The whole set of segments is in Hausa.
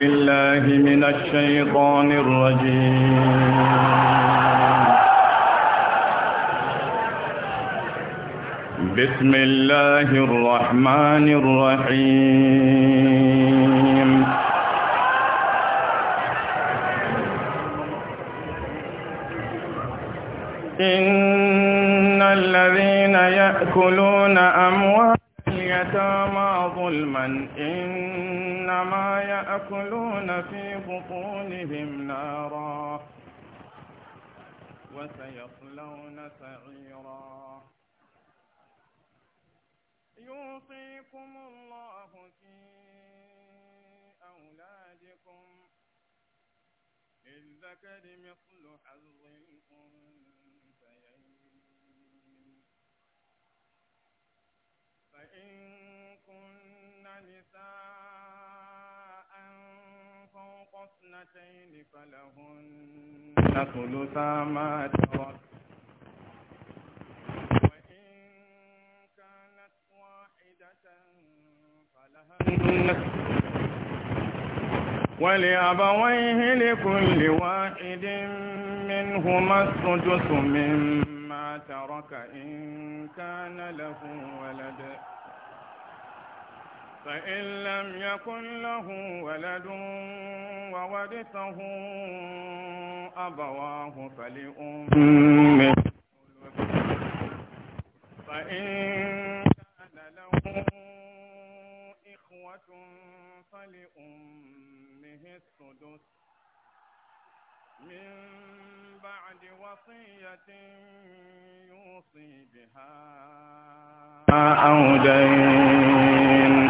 بالله من الشيطان الرجيم بسم الله الرحمن الرحيم إن الذين يأكلون أموال اليتامى ظلما إن إنما يأكلون في بطونهم نارا وسيصلون سعيرا يوصيكم الله في أولادكم للذكر مثل حظ الأنثيين فإن كن نساء اثنتين فلهن ثلثا ما ترك وإن كانت واحدة فلها ولأبويه لكل واحد منهما السدس مما ترك إن كان له ولد فإن لم يكن له ولد وورثه أبواه فلأمه فإن كان له إخوة فلأمه السدس من بعد وصية يوصي بها أو دين الظالمين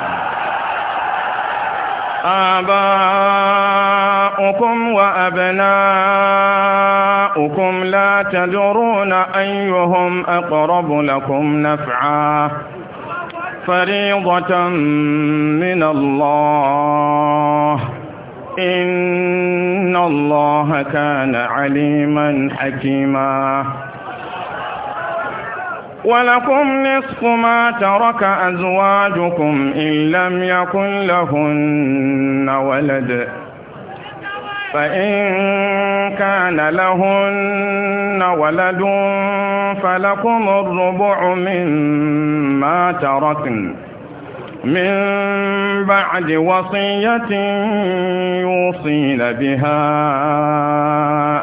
آباؤكم وأبناؤكم لا تدرون أيهم أقرب لكم نفعا فريضة من الله إن الله كان عليما حكيما ولكم نصف ما ترك أزواجكم إن لم يكن لهن ولد فإن كان لهن ولد فلكم الربع مما تركن من بعد وصية يوصين بها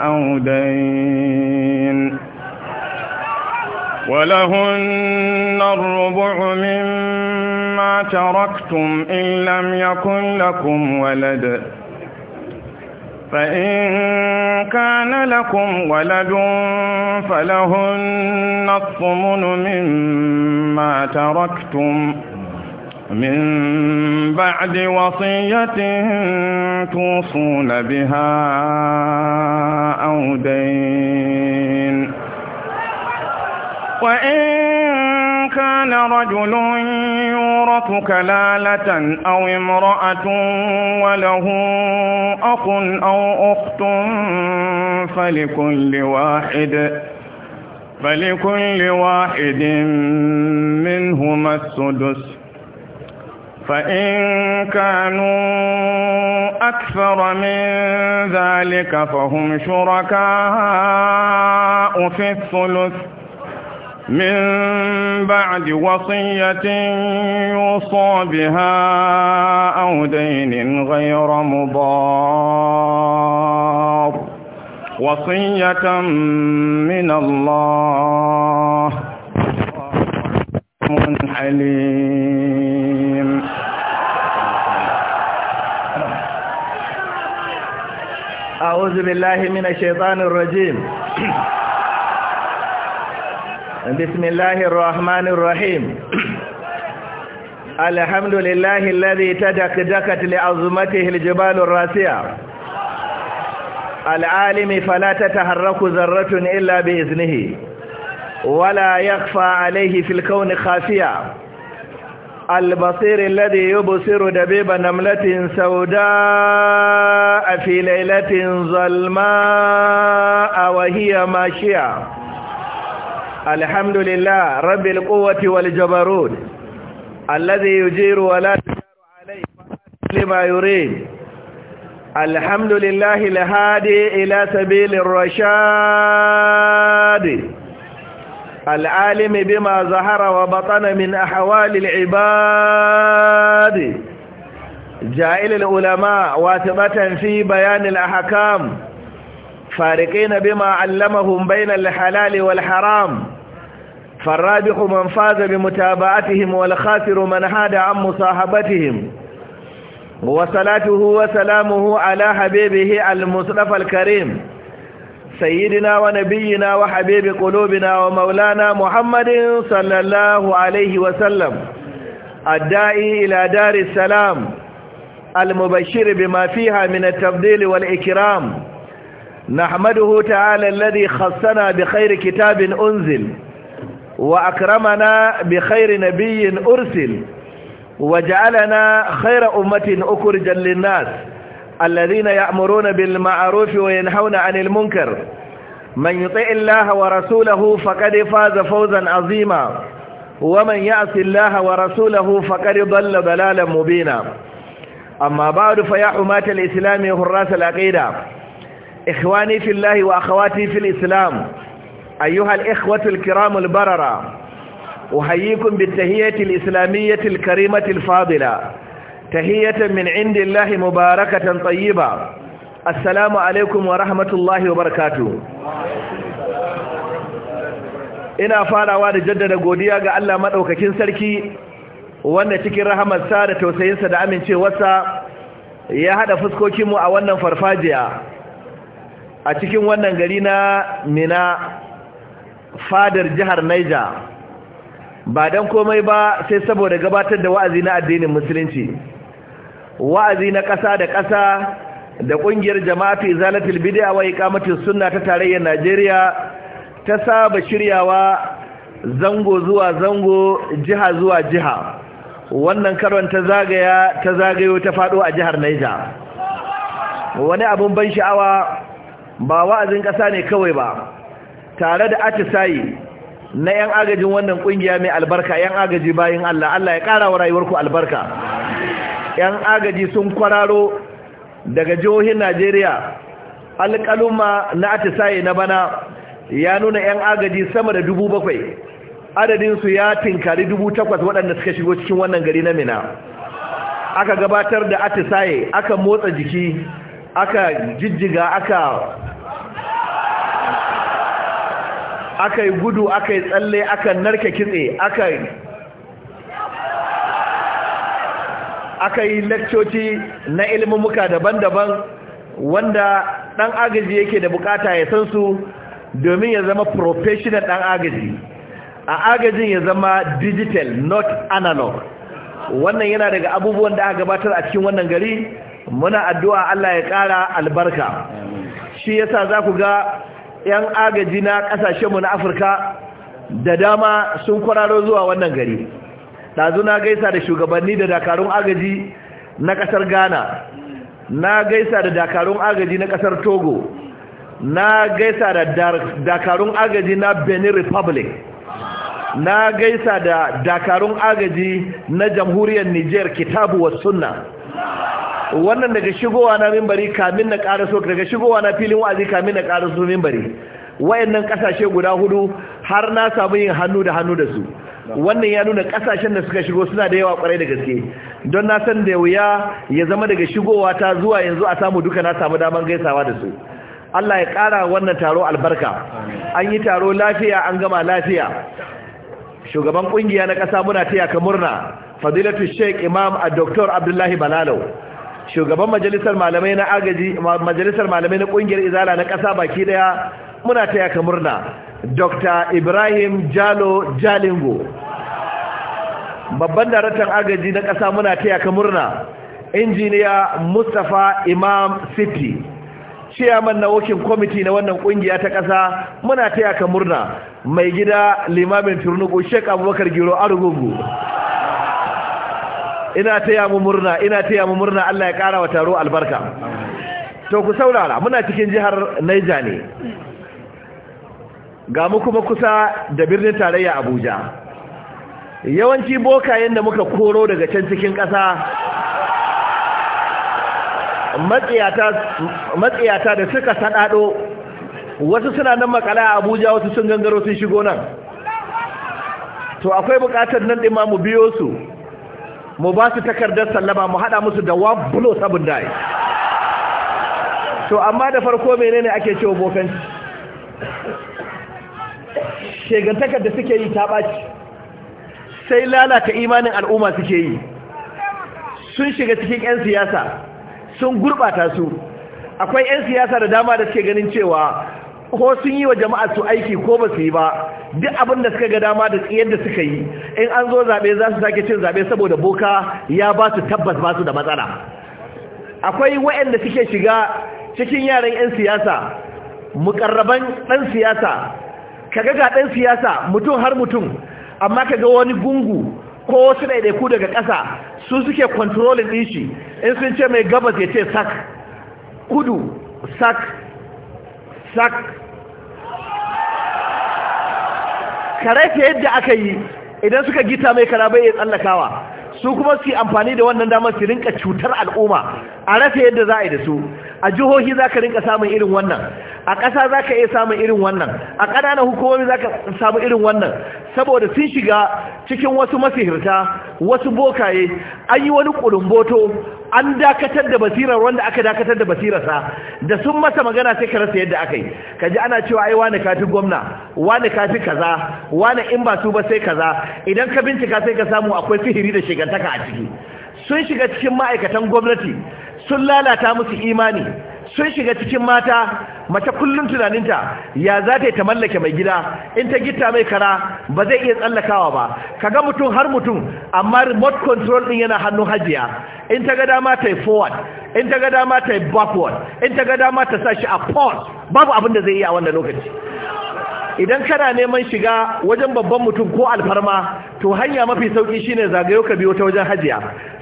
أو دين ولهن الربع مما تركتم إن لم يكن لكم ولد فإن كان لكم ولد فلهن الثمن مما تركتم من بعد وصية توصون بها أو دين وإن كان رجل يورث كلالة أو امرأة وله أخ أو أخت فلكل واحد فلكل واحد منهما السدس فإن كانوا أكثر من ذلك فهم شركاء في الثلث من بعد وصية يوصى بها أو دين غير مضار وصية من الله حليم أعوذ بالله من الشيطان الرجيم بسم الله الرحمن الرحيم الحمد لله الذي تدكدكت لعظمته الجبال الراسية العالم فلا تتحرك ذرة إلا بإذنه ولا يخفى عليه في الكون خافية البصير الذي يبصر دبيب نملة سوداء في ليلة ظلماء وهي ماشية الحمد لله رب القوة والجبروت الذي يجير ولا يجار عليه لما يريد الحمد لله الهادي إلى سبيل الرشاد العالم بما ظهر وبطن من أحوال العباد جائل العلماء واثبة في بيان الأحكام فارقين بما علمهم بين الحلال والحرام فالرابح من فاز بمتابعتهم والخاسر من حاد عن مصاحبتهم وصلاته وسلامه على حبيبه المصطفى الكريم سيدنا ونبينا وحبيب قلوبنا ومولانا محمد صلى الله عليه وسلم الداعي إلى دار السلام المبشر بما فيها من التفضيل والإكرام نحمده تعالى الذي خصنا بخير كتاب أنزل وأكرمنا بخير نبي أرسل وجعلنا خير أمة أكرجا للناس الذين يأمرون بالمعروف وينهون عن المنكر من يطع الله ورسوله فقد فاز فوزا عظيما ومن يعص الله ورسوله فقد ضل ضلالا مبينا أما بعد فيا حماة الإسلام هراس العقيدة إخواني في الله وأخواتي في الإسلام أيها الإخوة الكرام البررة أحييكم بالتهية الإسلامية الكريمة الفاضلة تهية من عند الله مباركة طيبة السلام عليكم ورحمة الله وبركاته ina farawa da jaddada godiya ga Allah madaukakin sarki wanda cikin rahamarsa da tausayinsa da amincewarsa ya hada fuskokinmu a wannan farfajiya a cikin wannan gari na mina fadar jihar naija ba don komai ba sai saboda gabatar da wa'azi na addinin musulunci wa'azi na ƙasa da ƙasa da ƙungiyar jama'atu izalatul bid'a wa iqamatus sunna ta tarayyar Najeriya ta saba shiryawa zango zuwa zango jiha zuwa jiha wannan karon ta zagaya ta zagayo ta faɗo a jihar Niger wani abin ban sha'awa ba wa'azin ƙasa ne kawai ba tare da atisayi na 'yan agajin wannan ƙungiya mai albarka 'yan agaji bayan Allah Allah ya ƙara wa rayuwarku albarka 'yan agaji sun kwararo daga jihohin Najeriya alƙaluma na atisayi na bana ya nuna 'yan agaji sama da dubu bakwai su ya tinkari dubu takwas waɗanda suka shigo cikin wannan gari na mina aka gabatar da atisaye aka motsa jiki aka jijjiga aka aka gudu aka tsalle aka narka kitse aka yi aka yi lekcoci na ilmumuka daban-daban wanda ɗan agaji yake da bukata ya san su domin ya zama professional ɗan agaji a agajin ya zama digital not analog wannan yana daga abubuwan da aka gabatar a cikin wannan gari muna addu'a Allah ya ƙara albarka shi yasa za ku ga 'yan agaji na ƙasashenmu na afirka da dama sun kwararo zuwa wannan gari ɗazu na gaisa da shugabanni da dakarun agaji na ƙasar ghana na gaisa da dakarun agaji na ƙasar togo na gaisa da dakarun agaji na benin republic na gaisa da dakarun agaji na jamhuriyar niger kitabu wa sunna wannan daga shigowa na mimbari kamin na ƙara so daga shigowa na filin wa'azi kamin na ƙara so mimbari wayannan kasashe guda hudu har na samu yin hannu da hannu da su wannan ya nuna kasashen da suka shigo suna da yawa kwarai da gaske don na san da wuya ya zama daga shigowa ta zuwa yanzu a samu duka na samu daman gaisawa da su Allah ya kara wannan taro albarka an yi taro lafiya an gama lafiya shugaban kungiya na kasa muna taya ka murna fadilatu sheik imam a doktor abdullahi balalau shugaban majalisar malamai na agaji majalisar malamai na kungiyar izala na ƙasa baki daya muna taya ka murna dr ibrahim jalo jalingo babban daraktan agaji na ƙasa muna taya ka murna injiniya mustapha imam city ciyaman na working kwamiti na wannan kungiya ta ƙasa muna taya ka murna mai gida limamin turnuku sheik abubakar giro arugungu ina taya mu murna ina taya mu murna Allah ya kara wa taro albarka to ku saurara muna cikin jihar Niger ne ga mu kuma kusa da birnin tarayya Abuja yawanci bokayen da muka koro daga can cikin ƙasa matsiyata da suka saɗaɗo wasu suna nan makala a abuja wasu sun gangaro sun shigo nan to akwai buƙatar nan din ma mu biyo su mu ba su takardar sallaba mu haɗa musu da one blow dai to amma da farko menene ake cewa bokanci shegantakar da suke yi ta baci sai lalata imanin al'umma suke yi sun shiga cikin 'yan siyasa sun gurbata su akwai 'yan siyasa da dama da suke ganin cewa ko sun yi wa jama'a su aiki ko ba su yi ba duk abin da suka ga dama da tsiyar da suka yi in an zo zaɓe za su sake cin zaɓe saboda boka ya ba su tabbas ba su da matsala akwai waɗanda suke shiga cikin yaran 'yan siyasa mukarraban ɗan siyasa kaga ga ɗan siyasa mutum har mutum amma kaga wani gungu ko wasu ɗaiɗaiku daga ƙasa su suke kwantrolin ɗin shi in sun ce mai gabas ya ce sak kudu sak sak kare ta yadda aka yi idan suka gita mai kara bai iya tsallakawa su kuma su amfani da wannan damar su rinka cutar al'umma a rasa yadda za a yi da su a jihohi za ka rinka samun irin wannan a ƙasa za ka iya samun irin wannan a ƙananan hukumomi za ka samu irin wannan saboda sun shiga cikin wasu masihirta wasu bokaye an yi wani ƙulumboto an dakatar da basirar wanda aka dakatar da basirarsa da sun masa magana sai ka rasa yadda aka yi ka ji ana cewa ai wani kafin gwamna wani kafin kaza wani in ba su ba sai kaza idan ka bincika sai ka samu akwai sihiri da shigantaka a ciki sun shiga cikin ma'aikatan gwamnati sun lalata musu imani sun shiga cikin mata mace kullum tunaninta ya za ta yi ta mallake mai gida in ta gita mai kara ba zai iya tsallakawa ba ka ga mutum har mutum amma remote control din yana hannun hajiya in ta ga dama ta yi forward in ta ga dama ta yi backward in ta ga dama ta sa shi a port babu abin da zai yi a wannan lokaci idan kana neman shiga wajen babban mutum ko alfarma to hanya mafi sauki shine zagayo ka biyo ta wajen hajiya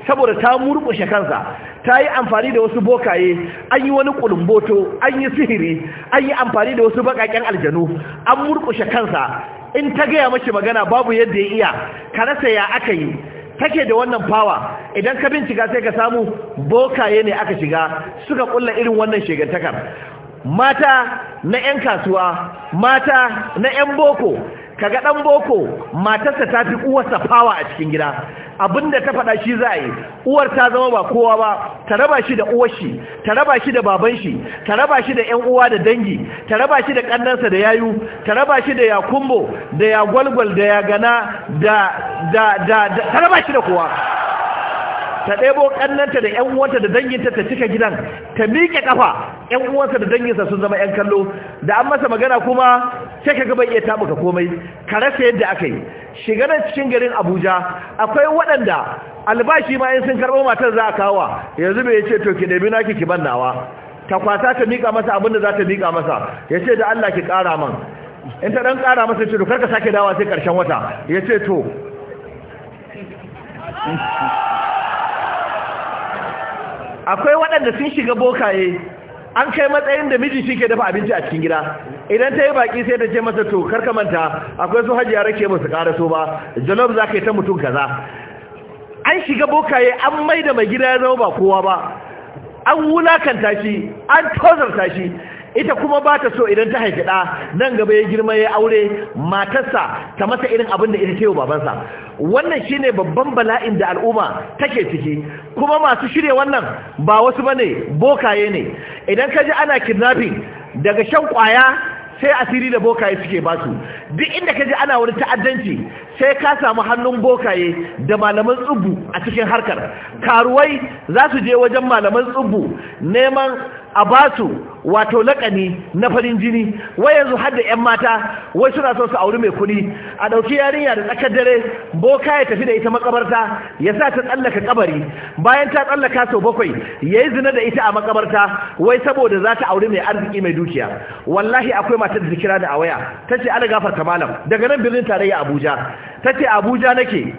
saboda ta murkushe kansa ta yi amfani da wasu bokaye an yi wani kulumboto an yi sihiri an yi amfani da wasu baƙaƙen aljanu an murkushe kansa in ta gaya mashi magana babu yadda ya iya ka rasa ya aka yi take da wannan fawa idan ka bincika sai ka samu bokaye ne aka shiga suka ƙulla irin wannan shegantakar mata na 'yan kasuwa mata na 'yan boko kaga dan boko matarsa ta fi uwarsa fawa a cikin gida abinda ta faɗa shi za a yi uwar ta zama ba kowa ba ta raba shi da uwar shi ta raba shi da baban shi ta raba shi da ƴan uwa da dangi ta raba shi da ƙannansa da yayu ta raba shi da yakumbo da gwalgwal da gana da da da ta raba shi da kowa ta ɗebo ƙannanta da ƴan uwanta da danginta ta cika gidan ta miƙe ƙafa ƴan uwanta da danginsa sun zama ‘yan kallo da an masa magana kuma sai ka gaba iya tabuka komai ka rasa yadda aka yi shiga na cikin garin abuja akwai waɗanda albashi ma yin sun karɓo matar za a kawa yanzu ya ce to ki ɗabi na ki ban nawa ta kwata ta miƙa masa abinda za ta miƙa masa ya ce da allah ki ƙara man in ta ɗan ƙara masa ce to karka sake dawa sai ƙarshen wata ya ce to akwai waɗanda sun shiga bokaye an kai matsayin da miji shi ke dafa abinci a cikin gida idan ta yi baki sai ta ce masa to karkamanta manta akwai su hajiya rake ba su so ba jalob za ka yi ta mutum kaza an shiga bokaye an mai da mai gida ya zama ba kowa ba an wulakanta shi an tozarta shi ita kuma ba ta so idan ta haifi ɗa nan gaba ya girma ya aure matarsa ta masa irin abin da ita ce wa babansa wannan shine babban bala'in da al'umma take ciki kuma masu shirya wannan ba wasu bane bokaye ne idan ka ji ana kidnapping daga shan kwaya sai asiri da bokaye suke ba su. duk inda ka ji ana wani ta'addanci sai ka samu hannun bokaye da malaman tsubu a cikin harkar karuwai za su je wajen malaman tsubu neman a ba su wato laƙani na farin jini wai yanzu har da 'yan mata wai suna so su auri mai kuni, a ɗauki yarinya da tsakar dare boka ya tafi da ita makabarta ya sa ta tsallaka kabari bayan ta tsallaka sau bakwai ya yi zina da ita a makabarta wai saboda za ta auri mai arziki mai dukiya wallahi akwai matar da kira da a waya ta ce ana ta malam daga nan birnin tarayya abuja ta ce abuja nake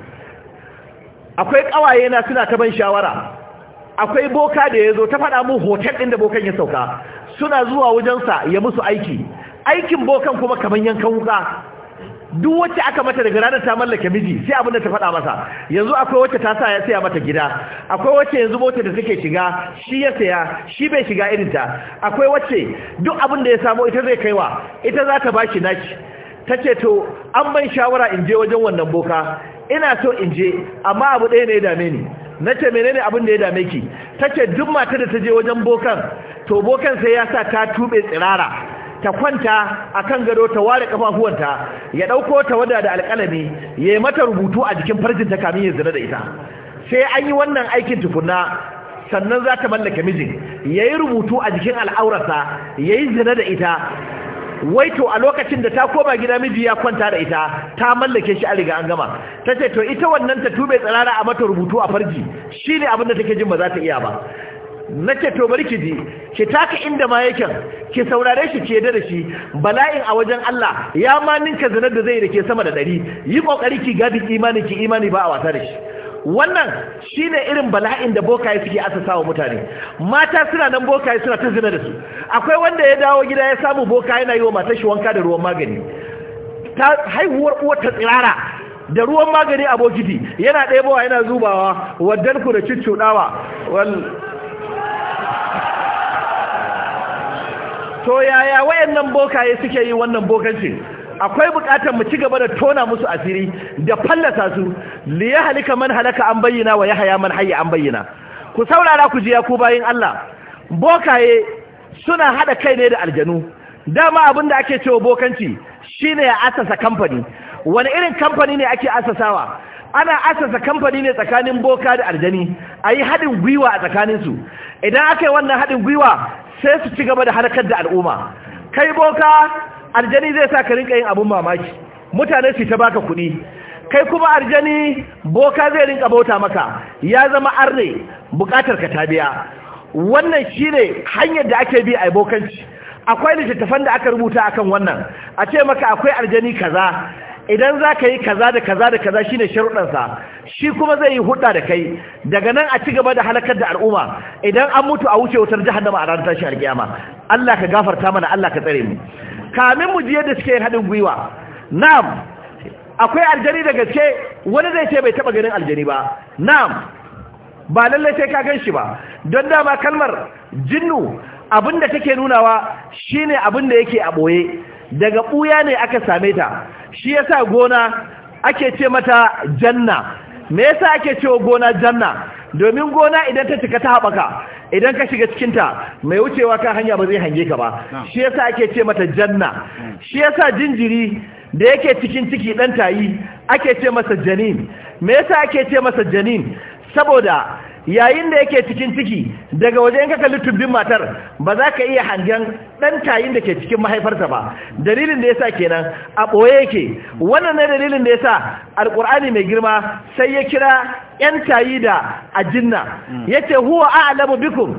akwai ƙawaye na suna ta ban shawara akwai boka da ya zo ta faɗa mu hotel ɗin da bokan ya sauka suna zuwa wajensa ya musu aiki aikin bokan kuma kamar yankan wuka duk wacce aka mata daga ranar ta mallake miji sai abin da ta faɗa masa yanzu akwai wacce ta sa ya saya mata gida akwai wacce yanzu mota da take shiga shi ya saya shi bai shiga irin ta akwai wacce duk abin da ya samu ita zai kaiwa ita za ta bashi naki ta ce to an ban shawara in je wajen wannan boka ina so in je amma abu ɗaya ne ya dame ni na ce menene abin da ya dame ki ta ce duk mata da ta je wajen bokan to bokan sai ya sa ta tube tsirara ta kwanta a kan gado ta ware kafafuwanta ya ɗauko ta wada da alƙalami ya yi mata rubutu a jikin farjin ta kamin ya zina da ita sai an yi wannan aikin tukunna sannan za ta mallaka mijin ya yi rubutu a jikin al'aurarsa ya yi zina da ita wai to a lokacin da ta koma gida miji ya kwanta da ita ta mallake shi a riga an gama ta ce to ita wannan ta tube tsirara a mata rubutu a farji shi ne abin da take jin ba za ta iya ba na ce to bari ki ji ki taka inda ma yake ki saurare shi ke da shi bala'in a wajen Allah ya ma ninka zinar da zai da ke sama da ɗari yi kokari ki gadi imani ki imani ba a wasa da shi wannan shine irin bala'in da bokaye suke asasa wa mutane mata suna nan bokaye suna ta zina da su akwai wanda ya dawo gida ya samu boka yana yi wa matar shi wanka da ruwan magani ta haihuwar uwar ta tsirara da ruwan magani a bokiti yana ɗebowa yana zubawa waddan ku da cuccuɗawa to yaya wayannan bokaye suke yi wannan bokancin akwai bukatar mu ci gaba da tona musu asiri da fallasa su li ya halika man halaka an bayyana wa yahaya man hayya an bayyana ku saurara ku ji ya ku bayin Allah bokaye suna hada kai ne da aljanu dama abin da ake cewa bokanci shine ya asasa kamfani wani irin kamfani ne ake asasawa ana asasa kamfani ne tsakanin boka da aljani ayi yi haɗin gwiwa a tsakanin su idan aka yi wannan haɗin gwiwa sai su ci gaba da harkar da al'umma kai boka aljani zai sa ka rinka yin abun mamaki mutane su ta baka kuɗi kai kuma aljani boka zai rinka bauta maka ya zama arne bukatar ka ta biya wannan shine hanyar da ake bi a bokanci akwai littattafan da aka rubuta akan wannan a ce maka akwai aljani kaza idan za ka yi kaza da kaza da kaza shine sharuɗansa shi kuma zai yi hudda da kai daga nan a ci gaba da halakar da al'umma idan an mutu a wuce wutar jihar a ranar shi alƙiyama Allah ka gafarta mana Allah ka tsare mu kamin mu ji yadda suke haɗin gwiwa na'am akwai aljani da gaske wani zai ce bai taba ganin aljani ba na'am ba lallai sai ka gan shi ba don dama kalmar jinnu abinda take nunawa shine abinda yake a ɓoye daga ɓuya ne aka same ta shi yasa gona ake ce mata janna me yasa ake cewa gona janna domin gona idan ta cika ta haɓaka idan ka shiga cikinta mai wucewa ka hanya ba zai hange ka ba shi yasa ake ce mata janna hmm. shi yasa jinjiri da yake cikin ciki dan tayi ake ce masa janin me yasa ake ce masa janin saboda yayin da yake cikin ciki daga wajen ka kalli tubbin matar ba za ka iya hangen ɗan tayin da ke cikin mahaifarsa ba dalilin da yasa kenan a ɓoye yake wannan ne dalilin da yasa alƙur'ani mai girma sai ya kira 'yan tayi da ajinna mm. yace huwa a'lamu bikum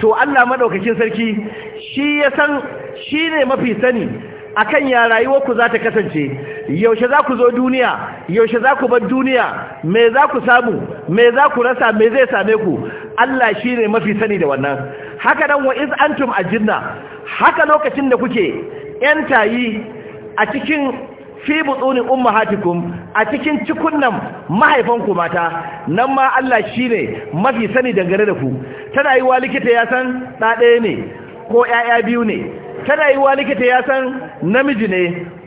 to Allah madaukakin sarki shi ya san shi ne mafi sani akan ya rayuwar ku za ta kasance yaushe za ku zo duniya yaushe za ku bar duniya me za ku samu me za ku rasa me zai same ku Allah shi ne mafi sani da wannan haka dan wa iz antum ajinna haka lokacin da kuke yan tayi a cikin fi butuni ummahatikum a cikin cikunnan mahaifanku mata nan ma Allah shine mafi sani dangane da ku tana yi wa likita ya san da ne ko ƴaƴa biyu ne tana yi wa likita ya san namiji ne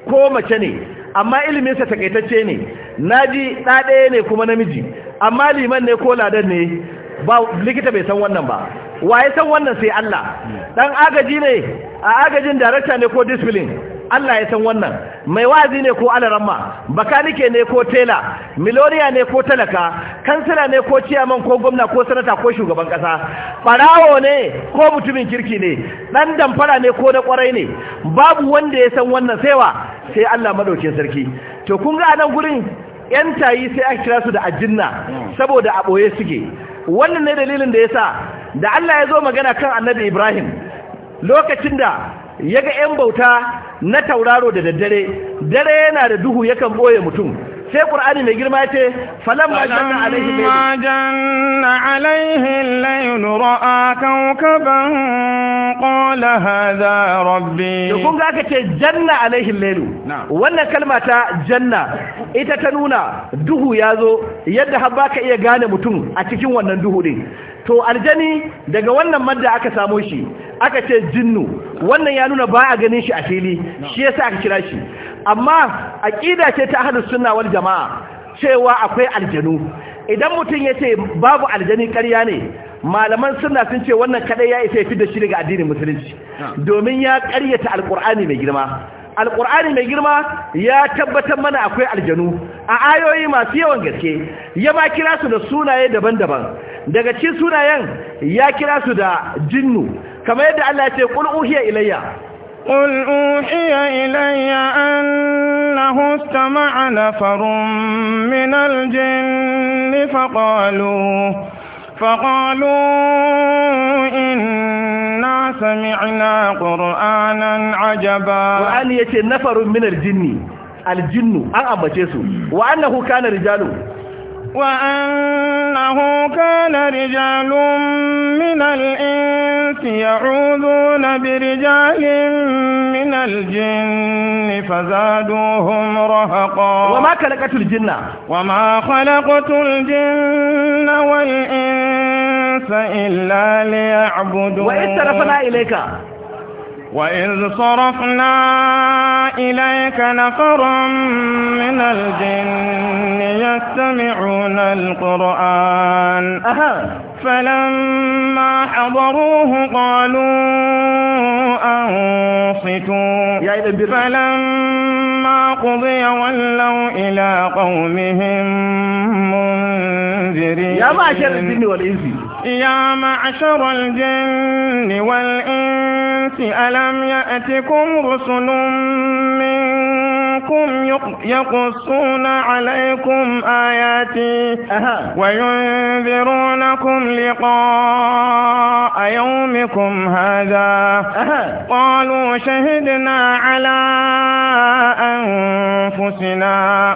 ko mace ne amma iliminsa takaitacce ne naji ji ɗaya ne kuma namiji amma liman ne ko ladan ne ba likita bai san wannan ba Wa ya san wannan sai Allah dan agaji ne a agajin darakta ne ko discipline Allah ya san wannan mai wazi ne ko alaramma bakanike ne ko tela miloriya ne ko talaka kansila ne ko ciyaman ko gwamna ko sanata ko shugaban kasa farawo ne ko mutumin kirki ne dan damfara ne ko na kwarai ne babu wanda ya san wannan saiwa sai Allah madaukin sarki to kun ga nan gurin yan tayi sai aka kira su da ajinna saboda a boye suke wannan ne dalilin da yasa da Allah ya zo magana kan Annabi Ibrahim lokacin da ya ga 'yan bauta na tauraro da daddare dare yana da duhu yakan ɓoye mutum sai ƙur'ani mai girma ce falamma majanna alaihi lailu ra'a kawkaban qala hadha rabbi to kun ga aka ce janna alaihi wannan kalma ta janna ita ta nuna duhu ya zo yadda har baka iya gane mutum a cikin wannan duhu din to aljani daga wannan madda aka samo shi aka ce jinnu wannan ya nuna ba a ganin shi a fili shi yasa aka kira shi amma aqida ce ta ahlus sunna wal jamaa cewa akwai aljanu idan mutum ya ce babu aljani ƙarya ne malaman suna sun ce wannan kadai ya isa ya fi da shi daga addinin musulunci domin ya ƙaryata alƙur'ani mai girma alƙur'ani mai girma ya tabbatar mana akwai aljanu a ayoyi masu yawan gaske ya ba kira su da sunaye daban-daban daga ci sunayen ya kira su da jinnu kamar yadda Allah ya ce qul uhiya ilayya قل أوحي إلي na استمع نفر من الجن فقالوا فقالوا إنا سمعنا قرآنا عجبا وأن يتي نفر من الجن الجن أن أبجيسوا وأنه كان رجال وأنه كان رجال من الإنس يعوذون برجال من الجن فزادوهم رهقا وما خلقت الجن وما خلقت الجن والإنس الناس إلا ليعبدون وإذ صرفنا إليك وإذ صرفنا إليك نفرا من الجن يستمعون القرآن أها فلما حضروه قالوا أنصتوا فلما قضي ولوا إلى قومهم منذرين يا معشر الجن والإنس يا معشر الجن والإنس ألم يأتكم رسل منكم يقصون عليكم آياتي وينذرونكم لقاء يومكم هذا قالوا شهدنا على أنفسنا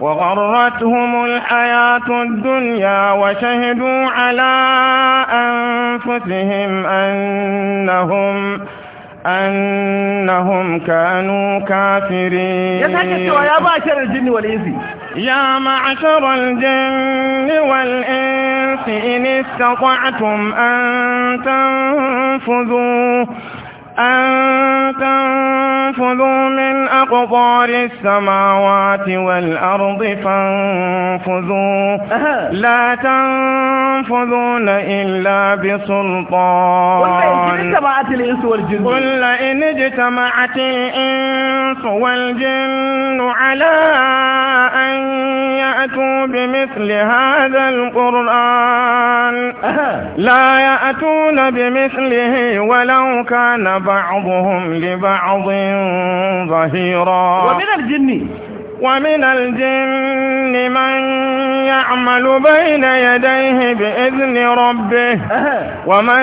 وغرتهم الحياة الدنيا وشهدوا على أنفسهم أنهم أنهم كانوا كافرين يا معشر الجن والإنس يا معشر الجن والإنس إن استطعتم أن تنفذوا أن تنفذوا من أقطار السماوات والأرض فانفذوا لا تنفذون إلا بسلطان قل إن اجتمعت الإنس والجن على أن يأتوا بمثل هذا القرآن لا يأتون بمثله ولو كان بعضهم لبعض ظهيرا ومن الجن ومن الجن من يعمل بين يديه بإذن ربه ومن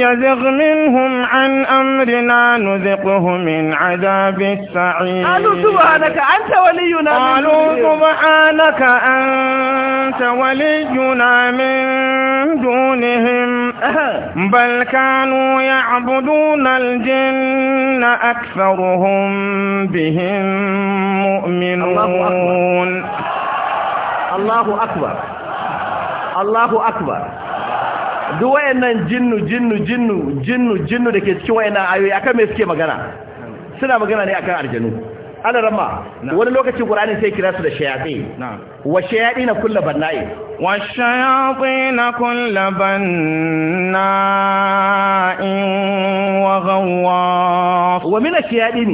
يزغ منهم عن أمرنا نذقه من عذاب السعير قالوا سبحانك أنت ولينا قالوا سبحانك أنت ولينا من دونهم بل كانوا يعبدون الجن أكثرهم بهم مؤمنون الله أكبر الله أكبر duk wayannan jinnu jinnu jinnu jinnu jinnu da ke cikin wayannan ayoyi akan mai suke magana suna magana ne akan aljanu ana rama wani lokaci qur'ani sai kira su da shayatin wa shayatin kullu banna'i wa shayatin kullu banna'in wa ghawwas wa min ash-shayatin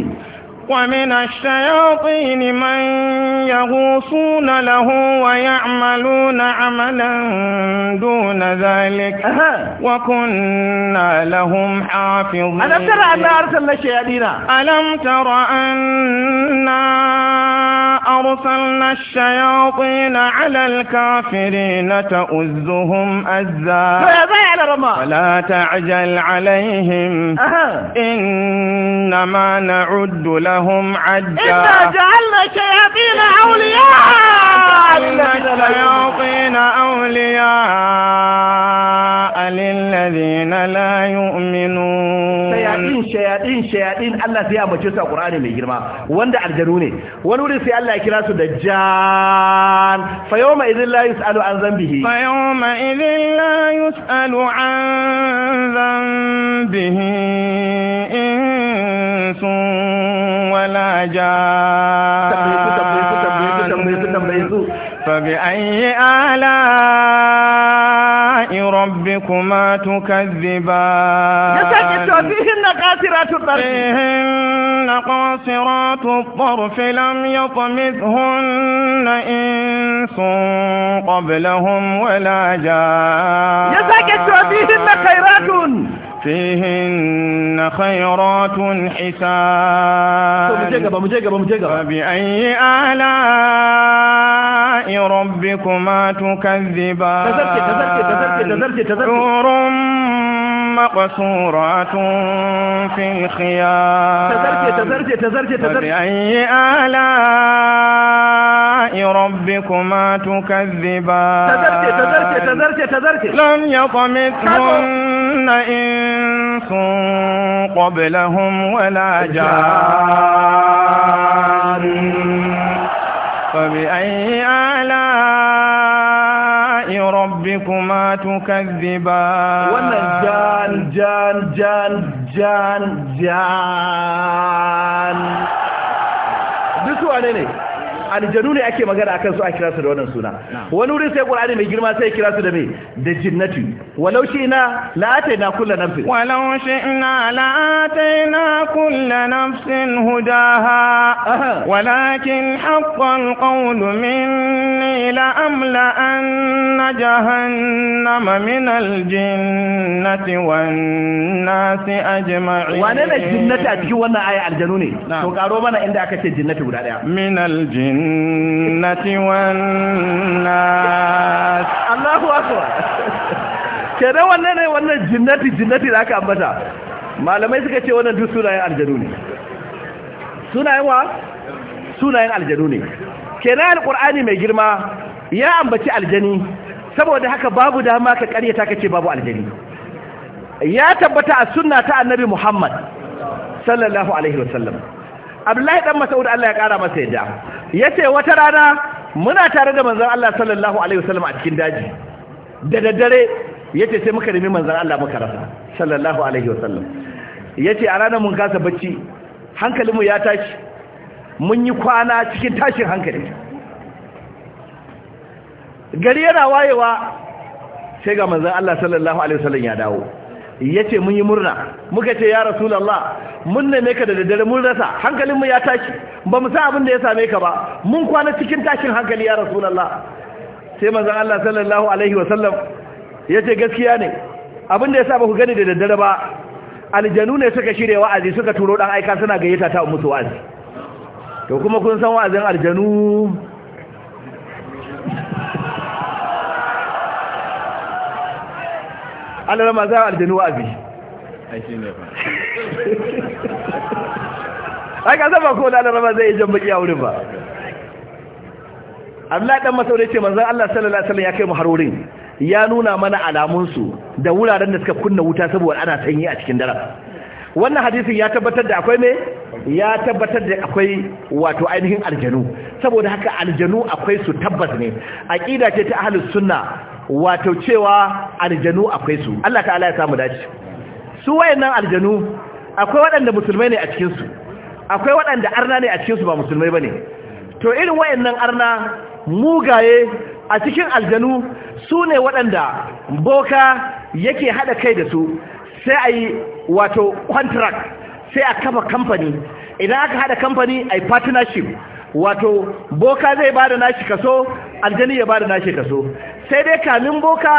ومن الشياطين من يغوصون له ويعملون عملا دون ذلك وكنا لهم حافظين ألم ترى أن أرسلنا الشياطين ألم ترى أنا أرسلنا الشياطين على الكافرين تؤزهم أزا ولا تعجل عليهم إنما نعد لهم لهم عجا إنا جعلنا شياطين أولياء إن الشياطين أولياء للذين لا يؤمنون شياطين شياطين شياطين الله سيا مجلس القرآن من جرما واند أرجلوني ونوري سيا الله كلاس دجان فيومئذ لا يسأل عن ذنبه فيومئذ لا يسأل عن ذنبه إنس ولا فبأي آلاء ربكما تكذبان فيهن قاصرات الطرف فيهن قاصرات الطرف لم يطمثهن إنس قبلهم ولا جان فيهن خيرات حسان فبأي آلاء ربكما تكذبان نور مقصورات في الخيام فبأي آلاء ربكما تكذبان لم يطمثهن إن أنس قبلهم ولا جان فبأي آلاء ربكما تكذبان ولا جان جان جان جان دسوا عليه aljanu ne ake magana akan su a kira su da wannan suna wani wurin sai qur'ani mai girma sai kira su da me da jinnati walau shi ina la ataina kullu nafsin walau shi ina la ataina kullu nafsin hudaha walakin haqqal qawlu minni la amla an jahannama min aljinnati wan nasi ajma'in wane ne jinnati a cikin wannan aya aljanu ne to karo mana inda aka ce jinnati guda daya min aljin الجنة والناس الله أكبر كده وانا ne wannan jinnati jinnati da aka ambata malamai suka ce wannan duk sunayen aljanu ne sunayen wa sunayen aljanu ne kenan يا mai girma ya ambaci aljani saboda haka babu dama ka karyata kace babu aljani ya tabbata a sunna ta annabi Muhammad sallallahu alaihi wasallam Abdullahi dan Mas'ud Allah ya kara masa yadda Ya ce wata rana muna tare da manzan Allah sallallahu alaihi wasallam a cikin daji da daddare ya ce sai muka nemi manzan Allah muka rasa sallallahu alaihi wasallam ce a ranar mun kasa bacci hankalinmu ya tashi mun yi kwana cikin tashin hankali gari yana wayewa sai ga manzan Allah sallallahu alaihi wasallam ya dawo yace mun yi murna muka ce ya rasulullah mun ne ka da daddare mun rasa hankalin mu ya tashi ba mu san abin da ya same ka ba mun kwana cikin tashin hankali ya rasulullah sai manzon Allah sallallahu alaihi wa sallam yace gaskiya ne abin da yasa ba ku gani da daddare ba aljanu ne suka shirye wa'azi suka turo dan aika suna gayyata ta musu wa'azi to kuma kun san wa'azin aljanu Allah ma za aljanu wa'azi ai ai ka zaba ko Allah ma zai jan baki a wurin ba Allah dan masaure ce manzon Allah sallallahu alaihi wasallam ya kai mu harorin" ya nuna mana alamun su da wuraren da suka kunna wuta saboda ana sanyi a cikin dara wannan hadisin ya tabbatar da akwai me ya tabbatar da akwai wato ainihin aljanu saboda haka aljanu akwai su tabbas ne aqida ce ta ahlus sunna wato cewa aljanu akwai su Allah ta'ala ya samu dace su wayannan aljanu akwai waɗanda musulmai ne a cikin su akwai waɗanda arna ne a cikin su ba musulmai bane to irin wayannan arna mugaye a cikin aljanu su ne waɗanda boka yake hada kai da su sai ayi wato contract sai a kafa kamfani idan aka hada kamfani a partnership wato boka zai bada nashi kaso aljani ya bada nashi kaso sai dai kamin boka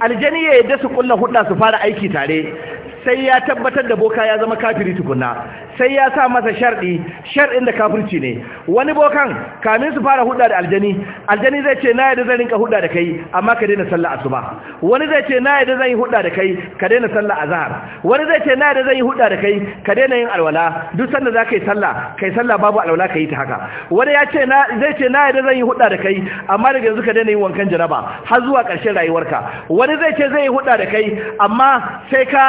aljani ya yadda su kulla hudda su fara aiki tare sai ya tabbatar da boka ya zama kafiri tukunna sai ya sa masa sharɗi sharɗin da kafirci ne wani bokan kamin su fara hudda da aljani aljani zai ce na yadda zan rinka hudda da kai amma ka daina sallah asuba wani zai ce na yadda zan yi hudda da kai ka daina sallah azhar wani zai ce na yadda zan yi hudda da kai ka daina yin alwala duk sanda za ka yi sallah kai sallah babu alwala ka yi ta haka wani ya ce zai ce na yadda zan yi hudda da kai amma daga yanzu ka daina yin wankan jaraba. har zuwa ƙarshen rayuwarka wani zai ce zai yi hudda da kai amma sai ka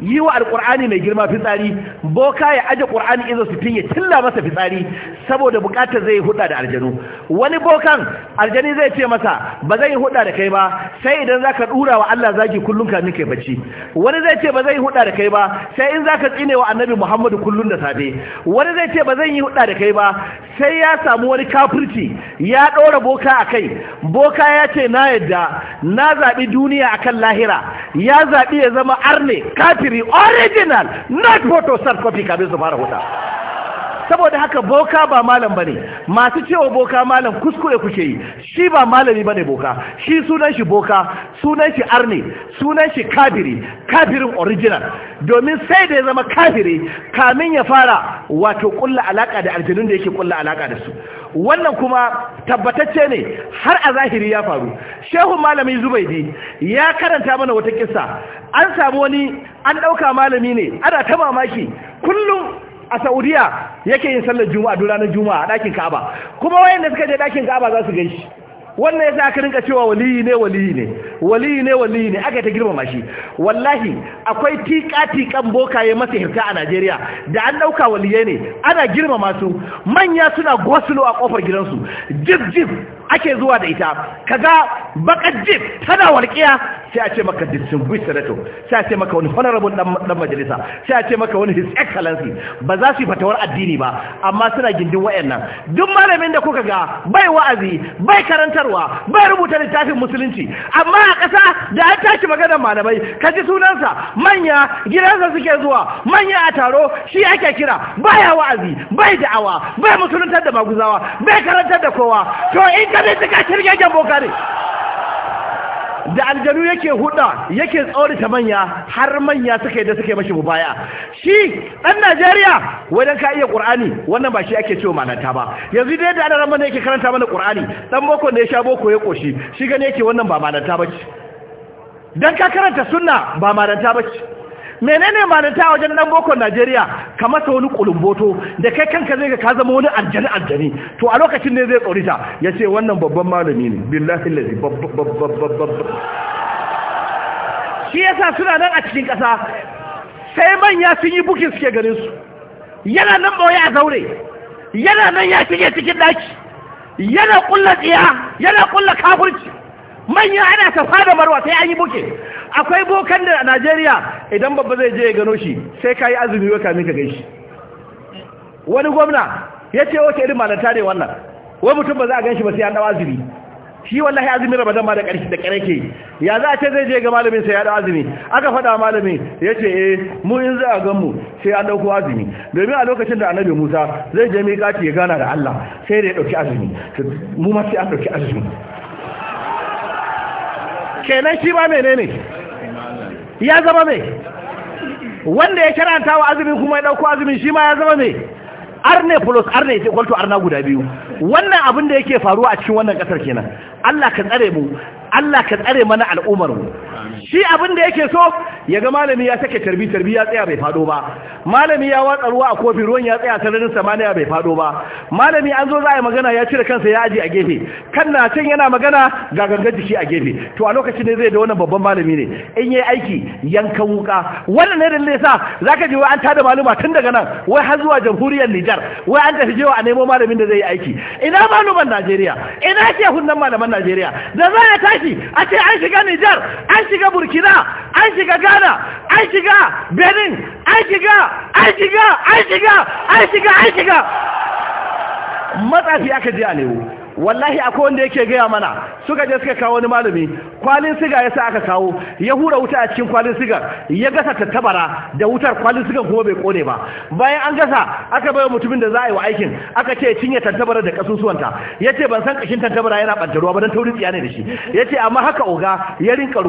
yi wa alkur'ani mai girma fitsari boka ya aje ƙur'ani izo sittin ya tilla masa fitsari saboda bukatar zai huɗa da aljanu wani bokan aljani zai ce masa ba zai huɗa da kai ba sai idan zaka dura wa Allah zaki kullun kamin kai bacci wani zai ce ba zai huda da kai ba sai in zaka tsine wa annabi Muhammadu kullun da safe wani zai ce ba zan yi huda da kai ba sai ya samu wani kafirci ya ɗora boka akai boka ya ce na yadda na zaɓi duniya akan lahira ya zaɓi ya zama arne kafir original not photo copy kafin su fara huta saboda haka boka ba malam bane masu cewa boka malam kuskure kuke yi shi ba malami bane boka shi sunan shi boka sunan shi arne sunan shi kafiri kafirin original domin sai da ya zama kafiri kamin ya fara wato kulla alaka da aljanun da yake kulla alaka da su wannan kuma tabbatacce ne har a zahiri ya faru shehun malami zubaidi ya karanta mana wata kisa an samu wani an ɗauka malami ne ana ta mamaki kullum a saudiya yake yin sallar juma'a duk ranar juma'a a ɗakin ka'aba kuma wayanda suka je ɗakin ka'aba za su gaishe wannan yasa aka rinka cewa waliyi ne waliyi ne waliyi ne waliyi ne aka ta girmama shi wallahi akwai tika tikan bokaye masa hirka a Najeriya da an dauka waliyai ne ana girmama su manya suna gosulo a kofar gidansu jib jib ake zuwa da ita kaga baka jib tana walƙiya sai a ce maka distinguished senator sai a ce maka wani honorable dan majalisa sai a ce maka wani his excellency ba za su fatawar addini ba amma suna gindin wayannan duk malamin da kuka ga bai wa'azi bai karantar karantarwa bai rubuta littafin musulunci amma a ƙasa da an tashi maganar malamai ka ji sunansa manya gidansa suke zuwa manya a taro shi ake kira baya wa'azi bai da'awa bai musuluntar da maguzawa bai karantar da kowa to in ka bi suka shirgegen boka ne da aljanu yake huda yake ta manya har manya suka yi da suka yi mashi mubaya shi dan Najeriya wajen ka iya ƙurani wannan ba shi ake cewa mananta ba yanzu dai da ana mana yake karanta mana ƙur'ani. Ɗan boko ne ya sha boko ya ƙoshi, shi gane yake wannan ba ba ce. dan ka karanta sunna ba ba ce. menene malanta wajen dan boko Najeriya ka masa wani kulumboto da kai kanka zai ga ka zama wani aljani aljani to a lokacin ne zai tsorita ya ce wannan babban malami ne billahi lazi shi yasa suna nan a cikin ƙasa sai manya sun yi bukin suke ganin su yana nan ɓoye a zaure yana nan ya shige cikin ɗaki yana ƙulla tsiya yana ƙulla kafurci manya ana safa da marwa sai an yi buke akwai bokan da a Najeriya idan babba zai je ya gano shi sai kai azumi wa kamin ka gaishe wani gwamna ya ce wace irin malanta ne wannan wai mutum ba za a ganshi ba sai an dawo azumi shi wallahi azumi ramadan ma da ƙarshe da ƙarake ya za a ce zai je ga malamin sai ya dawo azumi aka faɗa malamin ya ce eh mu in za a gan mu sai an ɗauko azumi domin a lokacin da annabi musa zai je miƙati ya gana da allah sai da ya ɗauki azumi mu ma sai an ɗauki azumi kenan shi ba menene ya zama mai wanda ya karanta wa azumin kuma ya dauko azumin shi ma ya zama mai arne plus arne is kwalto arna guda biyu wannan abin da yake faruwa a cikin wannan kasar kenan Allah ka tsare mu Allah ka tsare mana al'ummar mu shi abin da yake so ya ga malami ya sake tarbi tarbi ya tsaya bai fado ba malami ya watsa ruwa a kofi ruwan ya tsaya sararin samaniya bai fado ba malami an zo za a magana ya cire kansa ya aji a gefe kan na can yana magana ga gangan jiki a gefe to a lokacin ne zai da wannan babban malami ne in yayi aiki yanka wuka wannan ne da sa zaka ji wai an tada maluma tun daga nan wai har zuwa jamhuriyar Nijar wai an tafi jewa a nemo malamin da zai yi aiki ina maluman Najeriya ina ke hunnan malaman Najeriya da za a tashi a ce an shiga Nijar an shiga Burkina an shiga Ghana an shiga Benin an shiga an shiga an shiga an shiga an shiga matsafi aka je a lewo wallahi akwai wanda yake gaya mana suka je suka kawo wani malami kwalin siga ya sa aka kawo ya hura wuta a cikin kwalin siga ya gasa tattabara da wutar kwalin sigar kuma bai kone ba bayan an gasa aka bai mutumin da za a yi wa aikin aka ce cinye tattabara da kasusuwanta ya ce ban san kashin tattabara yana ɓanta ba don taurin tsiya ne da shi ya ce amma haka oga ya rinka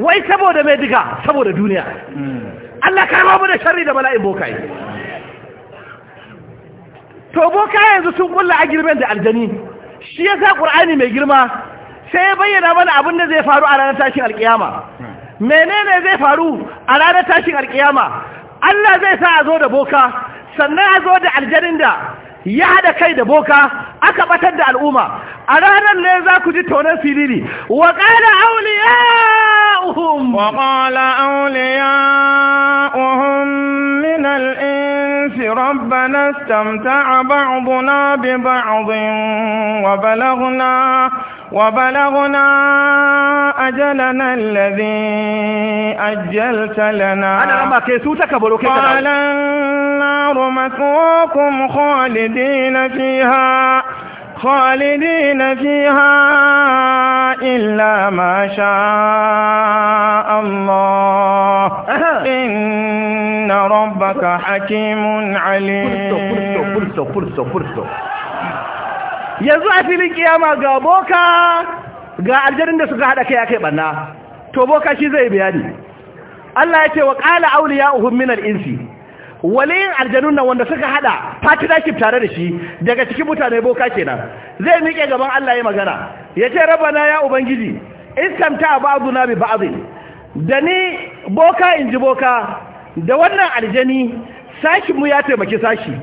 wai saboda mai duka saboda duniya Allah ka mu da sharri da bala'in bokai to boka yanzu sun kulla a girman da aljani shi yasa ƙur'ani mai girma sai ya bayyana mana abin da zai faru a ranar tashin alƙiyama, menene zai faru a ranar tashin alkiyama Allah zai sa a zo da boka sannan a zo da aljanin da ya haɗa kai da boka aka batar da al'umma a ranar ne za ku ji tonon filili wa ƙala auliya uhum wa ƙala auliya uhum من الإنس ربنا استمتع بعضنا ببعض وبلغنا وبلغنا أجلنا الذي أجلت لنا أنا قال النار مثواكم خالدين فيها خالدين فيها إلا ما شاء الله إن ربك حكيم عليم فرصة فرصة yanzu a filin kiyama ga boka ga aljarin da suka haɗa kai a kai ɓanna to boka shi zai bayani Allah ya ce wa ƙala auliya uhun minal insi waliyin aljanun nan wanda suka hada fatidakif tare da shi daga cikin mutane boka kenan zai miƙe gaban Allah ya magana ya ce rabana ya ubangiji istamta na bi ba'd da ni boka inji boka da wannan aljani sakin mu ya taimaki saki.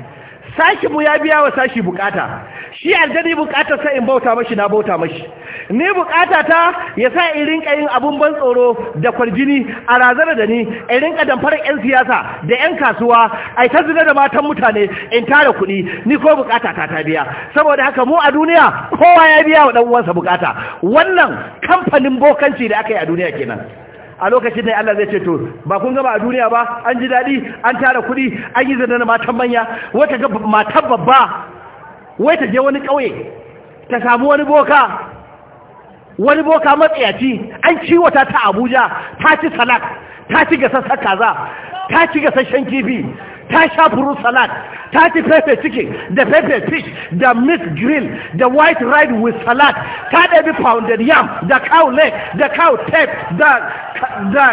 sashi mu ya biya wa sashi bukata shi aljani bukatar sa in bauta mashi na bauta mashi ni bukata ta ya sa in rinka yin abun ban tsoro da kwarjini a razana da ni in rinka damfarar yan siyasa da yan kasuwa ai ta zina da matan mutane in tara kuɗi ni ko bukata ta ta biya saboda haka mu a duniya kowa ya biya wa dan uwansa bukata wannan kamfanin bokanci da aka yi a duniya kenan a lokacin da Allah zai ce to ba kun gama a duniya ba an ji daɗi an tara kuɗi an yi zana matan manya wai ta ga matan babba wai ta je wani kauye ta samu wani boka wani boka matsayaci an ciwata ta abuja ta ci salak ta ci gasar kaza ta ci gasar kifi ta sha furu salad ta ci pepe chicken da pepe fish da meat grill da white rice with salad ta ɗabi pounded yam da cow leg da cow tape da da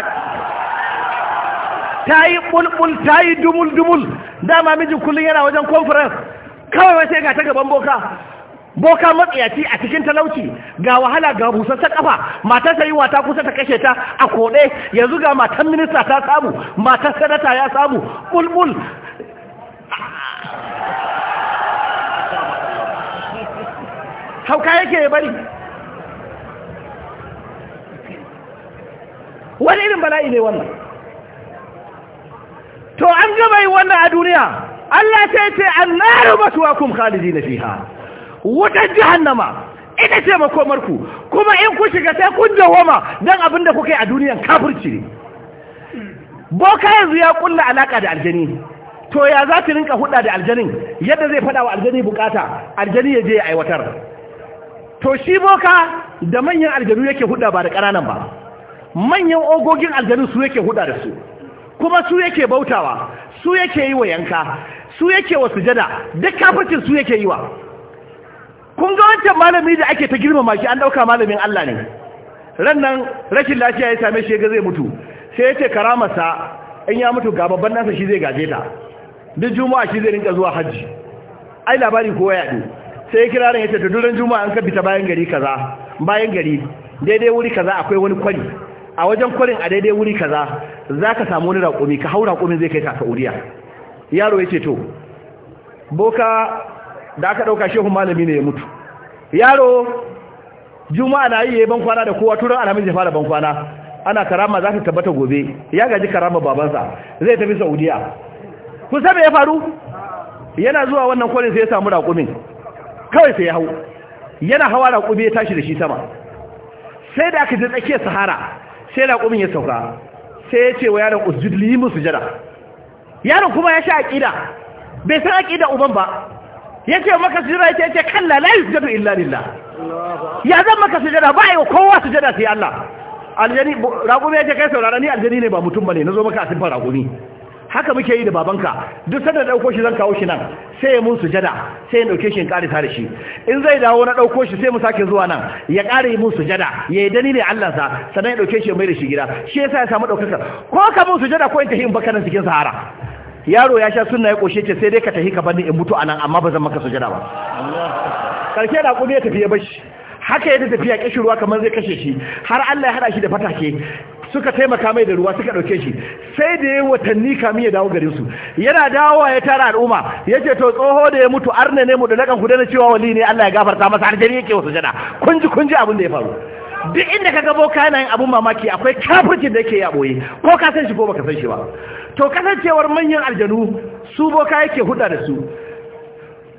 ta yi bulbul ta yi dumul-dumul dama mijin kullum yana wajen conference kawai wata ga ta gaban boka boka matsayaci a cikin talauci ga wahala ga busassar kafa matar ta yi wata kusa ta kashe ta a kode yanzu ga matan minista ta samu matar sanata ya samu bulbul hauka yake ya bari wani irin bala'i ne wannan to an gaba yi wannan a duniya Allah sai ce annaru na fi fiha wutar nama ita ce makomarku kuma in ku shiga sai kun dawoma don abin da kuka yi a duniyan kafirci ne boka yanzu ya kulla alaka da aljani to ya za ta rinka huɗa da aljanin yadda zai fada wa aljani bukata aljani ya je ya aiwatar to shi boka da manyan aljanu yake huda ba da kananan ba manyan ogogin aljanu su yake huɗa da su kuma su yake bautawa su yake yi wa yanka su yake wa sujada duk kafircin su yake yi wa kun ga wancan malami da ake ta girmama shi an dauka malamin Allah ne ran nan rashin lafiya ya same shi ga zai mutu sai yace karamarsa in ya mutu ga babban nasa shi zai gaje ta duk juma'a shi zai rinka zuwa haji ai labari ko ya sai ya kira ran yace to duran juma'a an ta bayan gari kaza bayan gari daidai wuri kaza akwai wani kwari a wajen kwarin a daidai wuri kaza zaka samu wani raƙumi ka haura raƙumin zai kai ka ka uriya yaro yace to boka da aka ɗauka shehu malami ne ya mutu yaro juma'a na yi ya ban kwana da kowa turan alhamis ya fara ban ana karama za ta tabbata gobe ya gaji karama babansa zai tafi saudiya kun sabi ya faru yana zuwa wannan kwanin sai ya samu raƙumin kawai sai ya hau yana hawa raƙumi ya tashi da shi sama sai da aka ji tsakiyar sahara sai raƙumin ya sauka sai ya ce wa yaron usjud musu jira yaron kuma ya sha aƙida. bai san aƙida uban ba ya ce maka sujada ya ce kalla la yusjadu illa lillah ya zan maka sujada ba yi kowa sujada sai Allah aljani raƙumi ya ce kai saurara ni aljani ne ba mutum bane nazo maka a simfa raƙumi haka muke yi da babanka duk sanda dauko shi zan kawo shi nan sai ya mun sujada sai ya dauke shi in karisa tare shi in zai dawo na dauko shi sai mu sake zuwa nan ya kare mun sujada ya yi dani Allah sa sannan ya dauke shi mai da shi gida shi yasa ya samu daukakar ko ka mun sujada ko in tafi in baka cikin sahara yaro ya sha sunna ya koshe ce sai dai ka tahi ka bani in mutu anan amma ba zan maka sujada ba karshe da kuma ya tafi ya bashi haka ya tafi ya kishi ruwa kamar zai kashe shi har Allah ya hada shi da fatake suka taimaka mai da ruwa suka dauke shi sai da ya watanni kamin ya dawo garin su yana dawowa ya tara al'umma Ya ce to tsoho da ya mutu arne ne mu da lakan ku da cewa wali ne Allah ya gafarta masa har dare yake wasu jada kun ji kun ji abin da ya faru duk inda ka gabo yin abun mamaki akwai kafircin da yake yaboye ko ka san shi ko baka san shi ba to kasancewar manyan aljanu su boka yake huda da su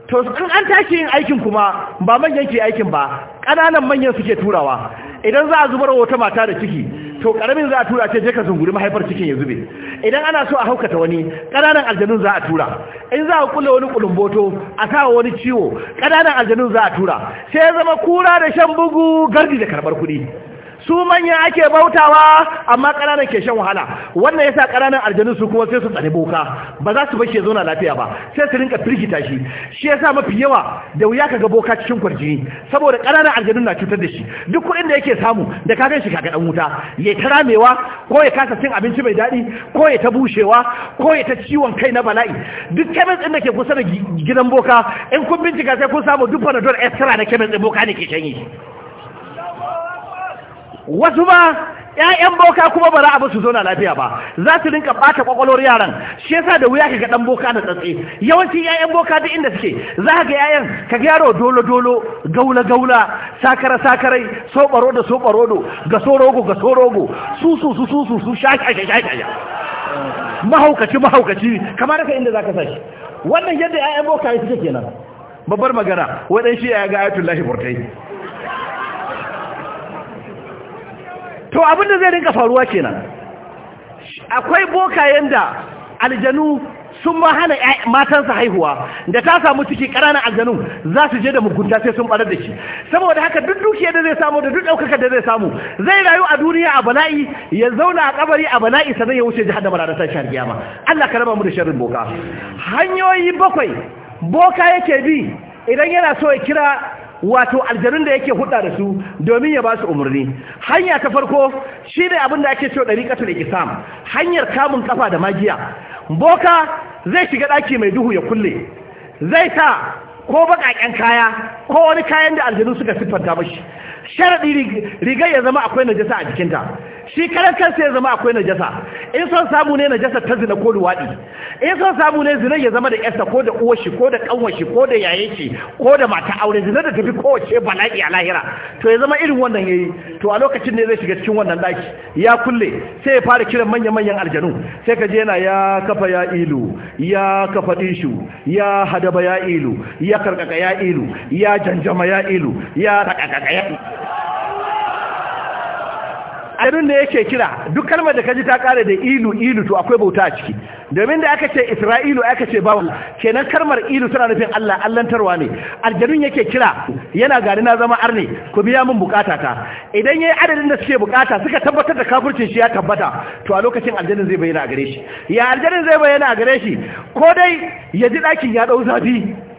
to in an tashi yin aikin kuma ba manyan ke aikin ba ƙananan manyan suke turawa idan za a zubar wata mata da ciki to ƙaramin za a tura ce je ka zunguri mahaifar cikin ya zube idan ana so a haukata wani ƙananan aljanun za a tura in za a kula wani ƙulumboto a kawo wani ciwo ƙananan aljanun za a tura sai ya zama kura da shan bugu gardi da karɓar kuɗi su manya ake bautawa amma ƙananan ke shan wahala wannan yasa ƙananan aljanu su kuma sai su tsare boka ba za su bashi ya zauna lafiya ba sai su rinka firgita shi shi yasa mafi yawa da wuya kaga boka cikin kwarjini saboda ƙananan aljanu na cutar da shi duk kuɗin da yake samu da ka gan shi kaga dan wuta ya ta ramewa ko ya kasa cin abinci mai daɗi ko ya ta bushewa ko ya ta ciwon kai na bala'i duk kemis ɗin da ke kusa da gidan boka in kun bincika sai kun samu duk panadol extra na kemis ɗin boka ne ke shan yi wasu ba ƴaƴan boka kuma ba za a su zauna lafiya ba za su rinka bata kwakwalwar yaran shi yasa da wuya kaga dan boka da tsatse yawanci ƴaƴan boka duk inda suke za ka ga ƴaƴan kaga yaro dolo dolo gaula gaula sakara sakarai sobaro da sobaro do ga sorogo ga sorogo su su su su su shaka shaka mahaukaci mahaukaci kamar ka inda zaka sashi wannan yadda ƴaƴan boka suke kenan babbar magana wadan shi ya ga ayatullahi burtai to abin da zai rinka faruwa kenan akwai bokayen da aljanu sun ma hana matansa haihuwa da ta samu ciki ƙananan aljanu za su je da mugunta sai sun ɓarar da shi saboda haka duk dukiyar da zai samu da duk ɗaukakar da zai samu zai rayu a duniya a bala'i ya zauna a kabari a bala'i sannan ya wuce jihar da mara tashi har kiyama Allah karama raba mu da sharrin boka hanyoyi bakwai boka yake bi idan yana so ya kira wato aljanun da yake hudda da su domin ya ba su umarni hanya ta farko shi ne abin da ake cewa da ikisam hanyar kamun kafa da magiya boka zai shiga ɗaki mai duhu ya kulle zai sa ko baƙaƙen kaya ko wani kayan da aljanu suka siffanta mashi sharaɗi rigar ya zama akwai najasa a jikinta shi karan kansa ya zama akwai najasa in son samu ne najasa ta zina ko luwaɗi in son samu ne zina ya zama da yarsa ko da uwar shi ko da kanwar shi ko da yayin ko da mata aure zina da tafi kowace bala'i a lahira to ya zama irin wannan yayi to a lokacin ne zai shiga cikin wannan daki ya kulle sai ya fara kiran manya manyan aljanu sai ka je yana ya kafa ya ilu ya kafa dishu ya hadaba ya ilu ya karkaka ya ilu ya janjama ya ilu ya takakaka ya ilu. abin da yake kira duk kalmar da kaji ta kare da ilu ilu to akwai bauta a ciki domin da aka ce isra'ilu aka ce bawa kenan kalmar ilu tana nufin Allah allantarwa ne aljanun yake kira yana gari na zama arne ku biya min bukata ta idan yayi adadin da suke bukata suka tabbatar da kafircin shi ya tabbata to a lokacin aljanun zai bayyana a gare shi ya aljanun zai bayyana a gare shi ko dai ya ji dakin ya dau zafi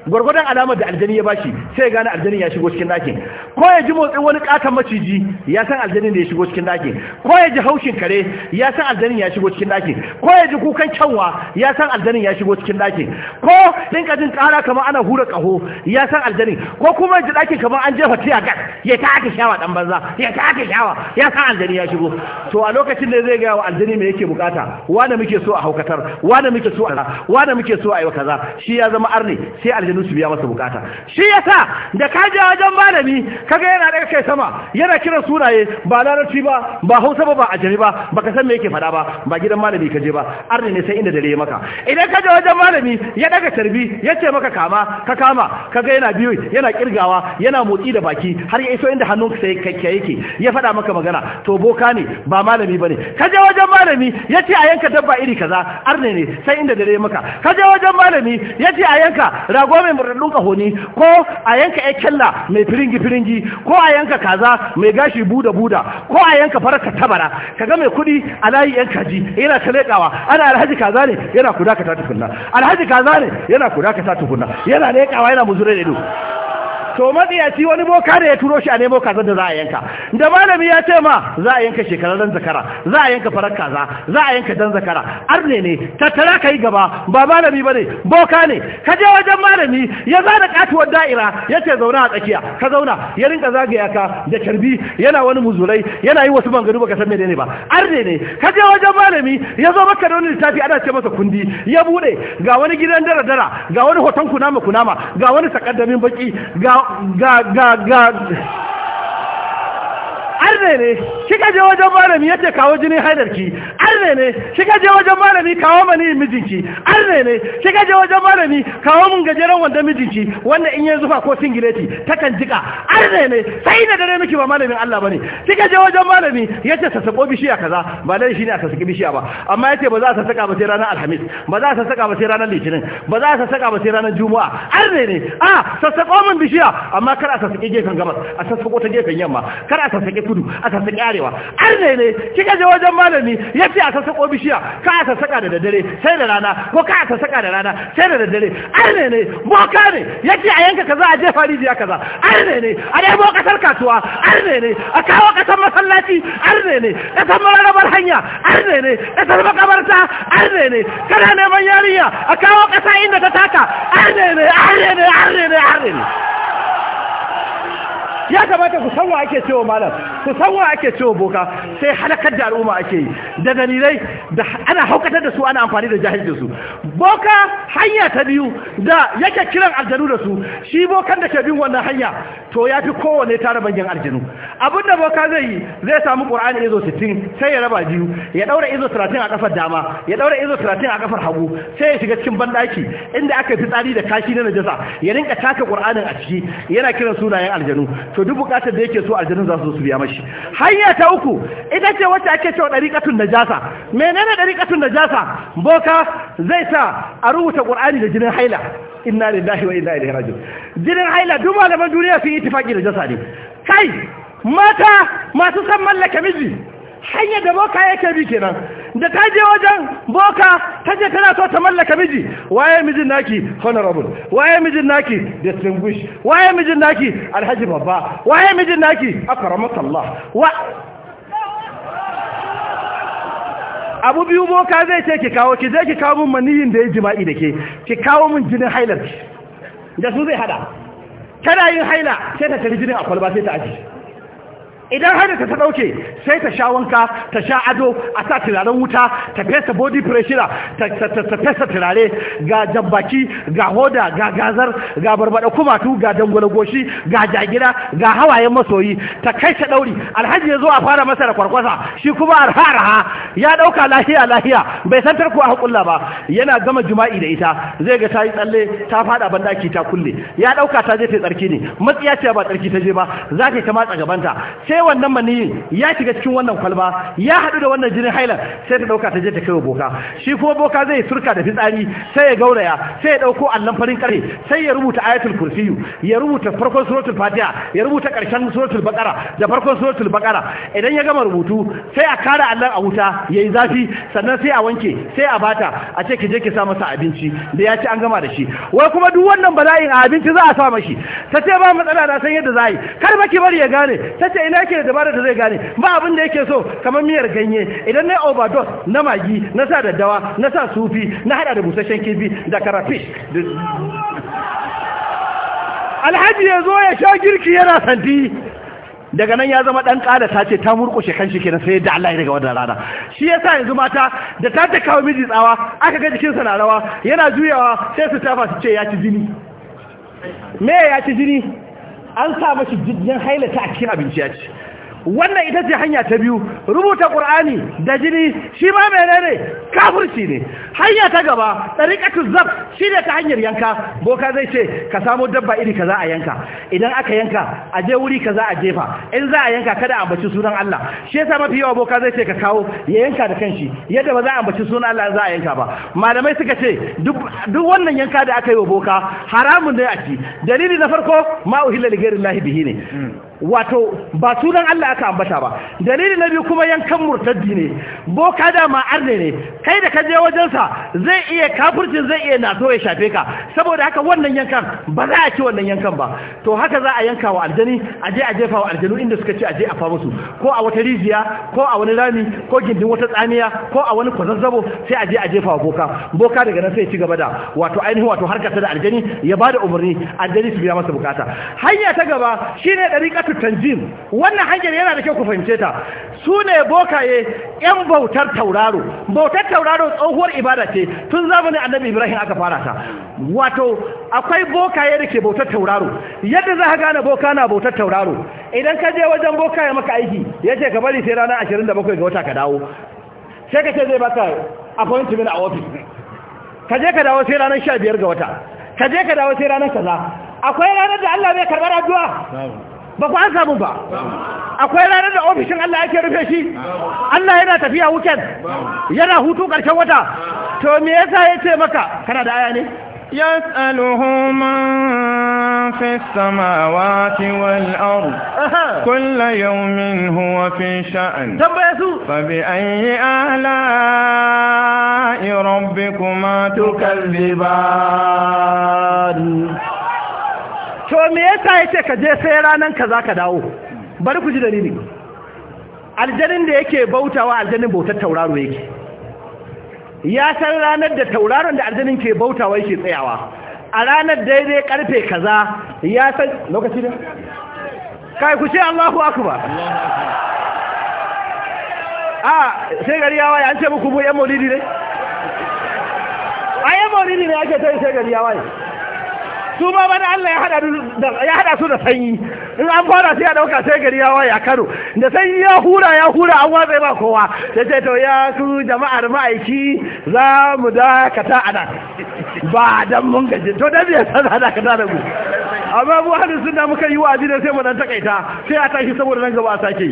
gwargwadon alamar da aljani ya bashi sai ya gane aljani ya shigo cikin ɗakin ko ya ji motsin wani katon maciji ya san aljani da ya shigo cikin ɗakin ko ya ji haushin kare ya san aljani ya shigo cikin ɗakin ko ya ji kukan canwa ya san aljani ya shigo cikin ɗakin ko dinka jin kara kamar ana hura ƙaho ya san aljani, ko kuma ji ɗakin kamar an jefa tiya gas ya ta ake shawa dan banza ya ta ake shawa ya san aljani ya shigo to a lokacin da zai gaya wa aljani me yake bukata wanda muke so a haukatar wanda muke so a wanda muke so a yi kaza shi ya zama arne sai aljani aljanu su biya masa bukata shi yasa da ka je wajen malami kaga yana daga kai sama yana kiran sunaye ba larabci ba ba hausa ba ba ajami ba baka san me yake fada ba ba gidan malami ka je ba arni ne sai inda dare maka idan ka je wajen malami ya daga tarbi ya ce maka kama ka kama kaga yana biyo yana kirgawa yana motsi da baki har ya iso inda hannunka sai kakkiya yake ya fada maka magana to boka ne ba malami bane ka je wajen malami ya ce a yanka dabba iri kaza arni ne sai inda dare maka kaje wajen malami ya ce a yanka rago mai murɗaɗɗun honi ko a yanka ya kyalla mai firingi-firingi ko a yanka kaza mai gashi buda-buda ko a yanka farka tabara ga mai kuɗi a layi yan kaji yana ta ana alhaji kaza ne yana kudaka ta tukunna alhaji kaza ne yana kudaka ta tukunna yana lekawa yana muzure da ido to matsiyaci wani boka da ya turo shi a nemo kaza da za a yanka da malami ya ce ma za a yanka shekarar dan zakara za a yanka farar kaza za a yanka dan zakara arne ne tattara ka yi gaba ba malami ba ne boka ne ka je wajen malami ya zana katuwar da'ira ya ce zauna a tsakiya ka zauna ya rinka zagaya ka da carbi yana wani muzulai yana yi wasu bangaru baka san menene ba arne ne ka je wajen malami ya zo maka da wani littafi ana ce masa kundi ya bude ga wani gidan dara dara ga wani hoton kunama kunama ga wani takaddamin baki ga God, God, God. arne ne kika je wajen malami yace kawo jinin haidarki arne ne kika je wajen malami kawo mani mijinki arne ne kika je wajen malami kawo mun gajeren wanda mijinki wanda in ya zuba ko singileti takan jika arne ne sai na dare miki ba malamin Allah bane kika je wajen malami yace sa sako bishiya kaza ba dai shine a saki bishiya ba amma yace ba za ta saka ba sai ranar alhamis ba za ta saka ba sai ranar litinin ba za ta saka ba sai ranar juma'a arne ne a ah, sassako mun bishiya amma kar a sassake gefen gabas a sassako ta gefen yamma kar a sassake kudu gudu aka su karewa arne ne kika je wajen malami ya ce aka sako bishiya ka aka saka da daddare sai da rana ko ka aka saka da rana sai da daddare arne ne boka ne ya a yanka kaza a jefa rijiya kaza arne ne a boka kasar kasuwa arne ne a kawo kasar masallaci arne ne kasar mararabar hanya arne ne san makabarta arne ne kana neman yarinya a kawo kasa inda ta taka arne ne arne ne arne ne arne ne ya kamata ku san wa ake cewa malam ku san wa ake cewa boka sai halakar da al'umma ake yi da dalilai da ana haukatar da su ana amfani da jahilci su boka hanya ta biyu da yake kiran aljanu da su shi bokan da ke bin wannan hanya to ya fi kowane tara bangin aljanu da boka zai yi zai samu qur'ani izo 60 sai ya raba biyu ya ɗaura izo 30 a kafar dama ya ɗaura izo 30 a kafar hagu sai ya shiga cikin bandaki inda aka fi tsari da kashi na najasa ya rinka taka qur'anin a ciki yana kiran sunayen aljanu to duk bukatar da yake so aljanun za su su biya mashi hanya ta uku ita ce wacce ake cewa dariqatun najasa menene dariqatun najasa boka zai sa a rubuta qur'ani da jinin haila inna lillahi wa inna ilaihi raji'un jinin haila duk malaman duniya sun yi faki da jasa ne kai mata masu san mallaka miji hanyar da boka yake bi kenan da ta je wajen boka ta je tana so ta mallaka miji waye mijin naki honorable waye mijin naki distinguish waye mijin naki alhaji babba waye mijin naki akramakallah wa abu biyu boka zai ce ki kawo ki je ki kawo min maniyin da ya jima'i da ke ki kawo min jinin hailar da su zai hada tana yin haila sai ta kalli jinin a kwalba sai ta aji idan hada ta ta dauke sai ta sha wanka ta sha ado a sa turaren wuta ta fesa body pressure ta fesa turare ga jambaki ga hoda ga gazar ga barbada kumatu ga dangwale goshi ga jagira ga hawayen masoyi ta kai ta dauri alhaji ya zo a fara masa da kwarkwasa shi kuma arha ya dauka lahiya lahiya bai san tarko a hakulla ba yana gama jima'i da ita zai ga tayi tsalle ta fada bandaki ta kulle ya dauka ta je ta tsarki ne matsiya ce ba tsarki ta je ba za ta ta matsa gabanta sai sai wannan maniyin ya shiga cikin wannan kwalba ya haɗu da wannan jinin hailan sai ta ɗauka ta je ta kaiwa boka shi kuma boka zai surka da fitsari sai ya gauraya sai ya ɗauko allon farin ƙarfe sai ya rubuta ayatul kursiyu ya rubuta farkon suratul fatiha ya rubuta ƙarshen suratul baqara da farkon suratul baqara idan ya gama rubutu sai a kara allon a wuta ya yi zafi sannan sai a wanke sai a bata a ce ki je ki sa masa abinci da ya ci an gama da shi wai kuma duk wannan bala'in abinci za a sa mashi ta ce ba matsala na san yadda za yi kar ba ki bari ya gane ta ce ina yake da dabarar da zai gane ba abin da yake so kamar miyar ganye idan na overdose na magi na sa daddawa na sa sufi na hada da busashen kifi da karafish alhaji ya zo ya sha girki yana santi daga nan ya zama dan kada ta ce ta murkushe shi kenan sai da Allah ya daga wannan rana shi yasa yanzu mata da ta ta kawo miji tsawa aka ga jikinsa na rawa yana juyawa sai su tafa su ce ya ci jini me ya ci jini an sa mashi jijjin hailata a cikin abinci ya ci wannan ita ce hanya ta biyu rubuta ƙur'ani da jini shi ma ne kafurci ne hanya ta gaba tsarikatu zab shi ne ta hanyar yanka boka zai ce ka samo dabba iri za a yanka idan aka yanka a je wuri za a jefa in za a yanka kada a ambaci sunan Allah shi yasa mafi yawa boka zai ce ka kawo ya yanka da kanshi yadda ba za a ambaci sunan Allah za a yanka ba malamai suka ce duk wannan yanka da aka yi wa boka haramun ne a ci dalili na farko ma uhilla li ghairi bihi ne hmm. wato ba sunan Allah aka ambata ba dalili na biyu kuma yankan murtaddi ne boka da arne ne kai da ka wajen wajensa zai iya kafircin zai iya na so ya shafe ka saboda haka wannan yankan ba za a ci wannan yankan ba to haka za a yanka wa aljani a je a jefa wa aljanu inda suka ce a je a fa musu ko a wata rijiya ko a wani rami ko gindin wata tsamiya ko a wani kwazazzabo sai a je a jefa wa boka boka daga nan sai ya ci gaba da wato ainihin wato harkar ta da aljani ya bada umarni aljani su biya masa bukata hanya ta gaba shine dariƙa ayatu tanjim wannan hanyar yana da kyau ku fahimce ta su ne bokaye yan bautar tauraro bautar tauraro tsohuwar ibada ce tun zamanin annabi ibrahim aka fara ta wato akwai bokaye da ke bautar tauraro yadda za ka gane boka na bautar tauraro idan ka je wajen ya maka aiki ya ce ka bari sai ranar bakwai ga wata ka dawo sai ka ce zai baka appointment a office ka je ka dawo sai ranar biyar ga wata ka je ka dawo sai ranar kaza akwai ranar da Allah bai karbar addu'a ba ku an samu ba akwai ranar da ofishin Allah yake rufe shi Allah yana tafiya weekend yana hutu ƙarshen wata to me yasa ce maka kana da aya ne yas'aluhu man fi samawati wal ardh kullu yawmin huwa fi sha'n tambaya su fa bi ayyi ahla rabbikuma tukalliban to me yasa yace ka je sai ranan kaza ka dawo bari ku ji dalili aljanin da yake bautawa aljanin bautar tauraro yake ya san ranar da tauraron da aljanin ke bautawa yake tsayawa a ranar daidai karfe kaza ya san lokaci da kai ku ce Allahu akbar a sai gari ya an ce muku mu yan maulidi ne ai yan maulidi ne ake ta sai gari ya su ma bada Allah ya hada su da sanyi in an fara sai ya dauka sai gari ya waye a Kano da sanyi ya hura ya hura an watsa ba kowa Ta ce to ya su jama'ar ma'aiki za mu dakata a nan ba dan mun gaji to da biya san hada ka da mu amma mu sun sunna muka yi wa'azi da sai mu dan takaita sai a tashi saboda nan gaba a sake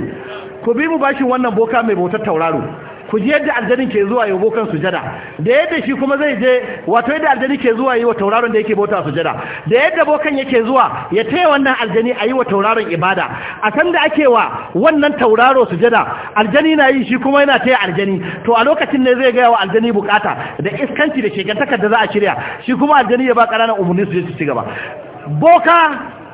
ku bi mu bashin wannan boka mai bautar tauraro ku ji yadda aljanin ke zuwa yi bokan sujada da yadda shi kuma zai je wato yadda aljani ke zuwa yi wa tauraron da yake bauta sujada da yadda bokan yake zuwa ya taya wannan aljani a yi wa tauraron ibada a san da ake wa wannan tauraro sujada aljani na yi shi kuma yana taya aljani to a lokacin ne zai gaya wa aljani bukata da iskanci da shekantakar da za a shirya shi kuma aljani ya ba ƙananan umarni su je su ci gaba boka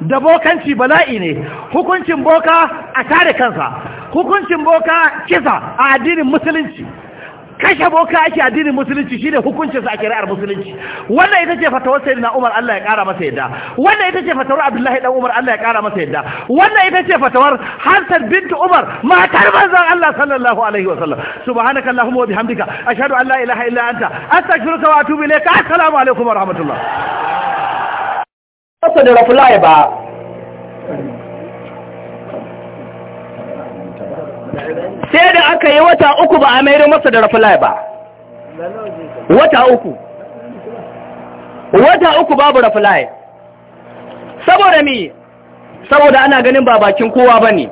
da bokanci bala'i ne hukuncin boka a tare kansa hukuncin boka kisa a addinin musulunci kashe boka ake addinin musulunci shine hukuncinsa a shari'ar musulunci wannan ita ce fatawar sayyidina Umar Allah ya kara masa yadda wannan ita ce fatawar Abdullahi dan Umar Allah ya kara masa yadda wannan ita ce fatawar Hafsat bint Umar matar manzon Allah sallallahu alaihi wa sallam subhanakallahumma wa bihamdika ashhadu an la ilaha illa anta astaghfiruka wa atubu ilayka assalamu alaikum wa rahmatullah also the reply ba sai da aka yi wata uku ba a maido masa da reply ba wata uku wata uku babu reply saboda mi saboda ana ganin ba bakin kowa ne.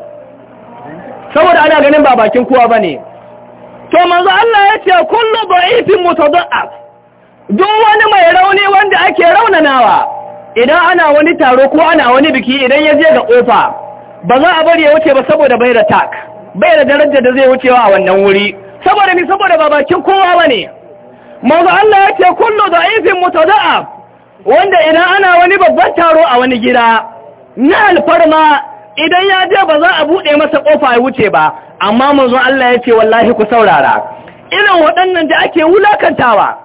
saboda ana ganin ba bakin kowa ne. to manzo Allah ya ce kullu da'ifin mutada'a duk wani mai rauni wanda ake raunanawa idan ana wani taro ko ana wani biki idan ya je ga ƙofa, ba za a bari ya wuce ba saboda bai da tak bai da darajar da zai wuce wa a wannan wuri saboda ni saboda ba bakin kowa ba ne. mazu Allah ya ce kullu da mutu da'a. wanda idan ana wani babban taro a wani gida na alfarma idan ya je ba za a buɗe masa ƙofa ya wuce ba amma mazu Allah ya ce wallahi ku saurara irin waɗannan da ake wulakantawa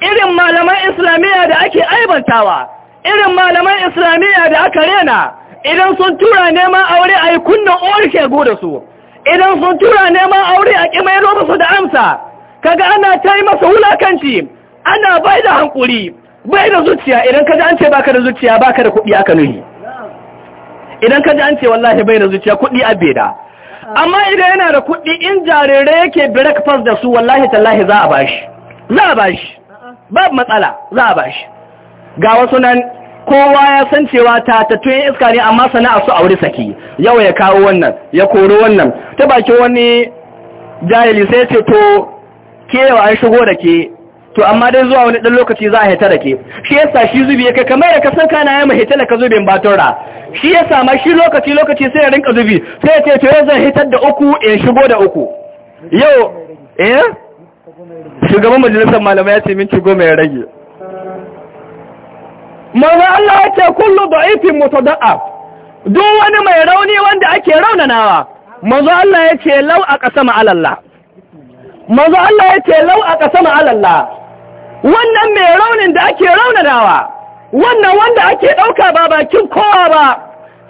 irin malaman islamiyya da ake aibantawa irin malaman islamiyya da aka rena idan sun tura neman aure a yi kunnan orke goda su idan sun tura neman aure a kima yano su da amsa kaga ana ta yi masa wulakanci ana bai da hankuri bai da zuciya idan kaji an ce baka da zuciya baka da kuɗi aka nuhi idan kaji an ce wallahi bai da zuciya kuɗi a beda amma idan yana da kuɗi in jarirai yake breakfast da su wallahi tallahi za a bashi za a bashi babu matsala za a bashi ga wasu nan kowa ya san cewa ta tatattun iska ne amma sana'a su a wuri saki yau ya kawo wannan ya koro wannan ta bakin wani jahili sai ce to ke yau an shigo da ke to amma dai zuwa wani dan lokaci za a hita da ke shi yasa shi zubi yake kamar da kasar kana ya mahita da ka ba tura. shi yasa ma shi lokaci lokaci sai ya rinka zubi sai ya ce to yau zan hitar da uku in shigo da uku yau eh shugaban majalisar malamai ya ce min goma ya rage manzo Allah ya ce kullu da'ifin mutada'a duk wani mai rauni wanda ake raunanawa manzo Allah ya ce lau a kasama alallah manzo Allah ya ce lau a kasama alallah wannan mai raunin da ake rauna nawa wannan wanda ake ɗauka ba bakin kowa ba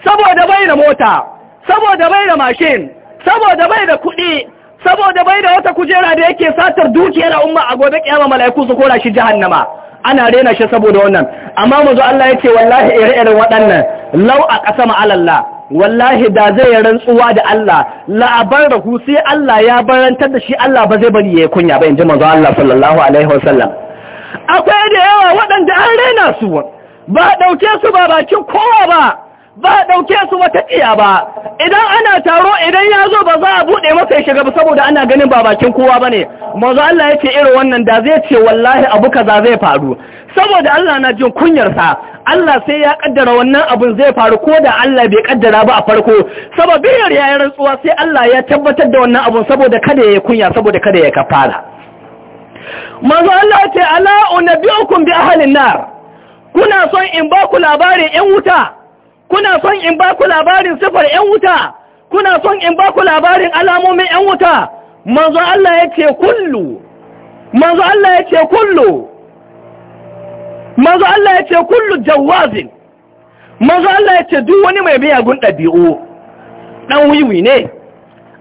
saboda bai da mota saboda bai da mashin saboda bai da kuɗi saboda bai da wata kujera da yake satar dukiyar umma a gobe kiyama mala'iku su kora shi jahannama ana rena shi saboda wannan amma manzo Allah yake wallahi ire-iren waɗannan law a qasama alalla wallahi da zai rantsuwa da Allah la'abar da ku sai Allah ya barantar da shi Allah ba zai bari ya kunya ba inji manzo Allah sallallahu alaihi wasallam akwai da yawa waɗanda an rena su ba dauke su ba bakin kowa ba ba a ɗauke su wata ƙiya ba idan ana taro idan ya zo ba za a buɗe masa ya shiga ba saboda ana ganin ba bakin kowa ba ne mazu Allah ya ce irin wannan da zai ce wallahi abu kaza zai faru saboda Allah na jin kunyarsa Allah sai ya ƙaddara wannan abin zai faru ko da Allah bai ƙaddara ba a farko sababiyar yi rantsuwa sai Allah ya tabbatar da wannan abin saboda kada ya kunya saboda kada ya kafara mazu Allah ya ce ala unabiyukum bi ahlin nar kuna son in ba ku labarin yan wuta kuna son in ba ku labarin sifar ‘yan wuta kuna son in ba ku labarin alamomin ‘yan wuta manzo Allah ya ce kullu manzo Allah ya ce kullu manzo Allah ya ce kullu jawazin manzo Allah ya ce duk wani mai miyagun ɗabi'u ɗan wiwi ne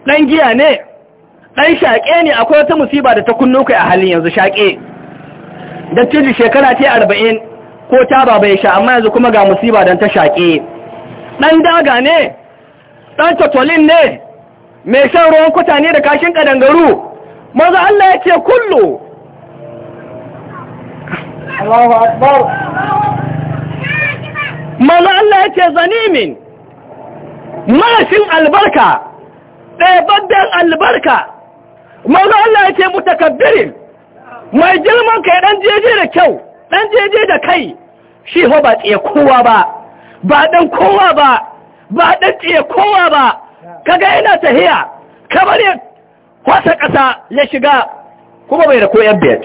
ɗan giya ne ɗan shaƙe ne akwai wata musiba da ta kunno kai a halin yanzu shaƙe da shekara ta arba'in ko ta baba ya sha amma yanzu kuma ga musiba don ta shaƙe ɗan daga ne ɗan tattalin ne mai shan ruwan kuta ne da kashin ƙadangaru maza Allah ya ce kullu maza Allah ya ce zanimin marashin albarka ɗaibadden albarka maza Allah ya ce mutakabbirin mai girman kai ɗan jeje da kyau ɗan jeje da kai shi ho ba tsaye kowa ba ba ɗan kowa ba ba ɗan tsiye kowa ba kaga yana tahiya kamar ya kwasa ƙasa ya shiga kuma bai da koyar biyar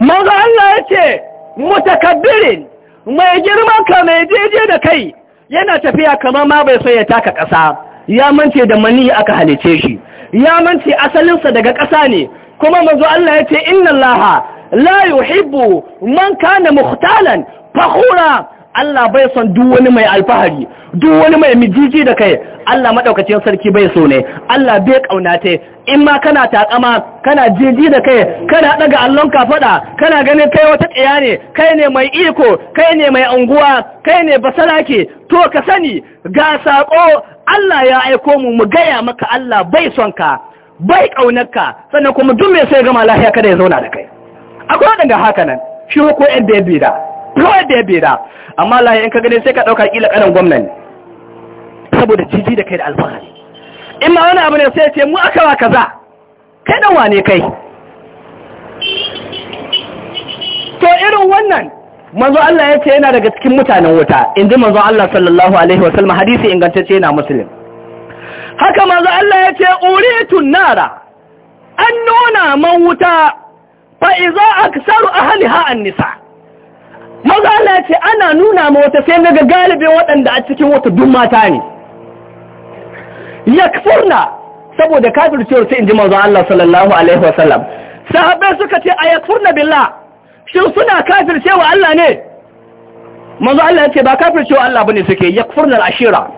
maza Allah ya ce mutakabirin mai girma ka mai jeje da kai yana tafiya kamar ma bai so ya taka ƙasa ya mance da mani aka halice shi ya mance asalinsa daga ƙasa ne kuma manzo Allah ya ce inna Allah la yuhibbu man kana mukhtalan fakhura Allah bai son duk wani mai alfahari duk wani mai mijiji da kai Allah maɗaukacin sarki bai so ne Allah bai kauna in ma kana takama kana jiji da kai kana daga allon ka fada kana ganin kai wata tsiya ne kai ne mai iko kai ne mai unguwa kai ne basalake to ka sani ga sako Allah ya aiko mu mu gaya maka Allah bai son ka bai kaunarka sannan kuma duk mai sai gama lafiya kada ya zauna da kai akwai wadanda haka nan shi ko yadda ya bida kawai da ya bera amma layi in ka gani sai ka ɗauka ƙila ƙanan gwamnan saboda jiji da kai da alfahari in ma wani abu ne sai ce mu aka wa kaza kai da wane kai to irin wannan manzo Allah ya ce yana daga cikin mutanen wuta ji manzo Allah sallallahu alaihi wa sallam hadisi ingantacce yana musulun haka manzo Allah ya ce uritun nara an nuna man wuta fa iza aksaru ahliha an-nisa' maza Allah ce ana nuna ma wata sai naga galibin waɗanda a cikin wata dun mata ne furna saboda cewa sai inji maza Allah sallallahu alaihi wasallam Sahabai suka ce a yakfurna billah shin suna cewa Allah ne maza Allah ya ce ba cewa Allah bane suke yakfurna al-ashira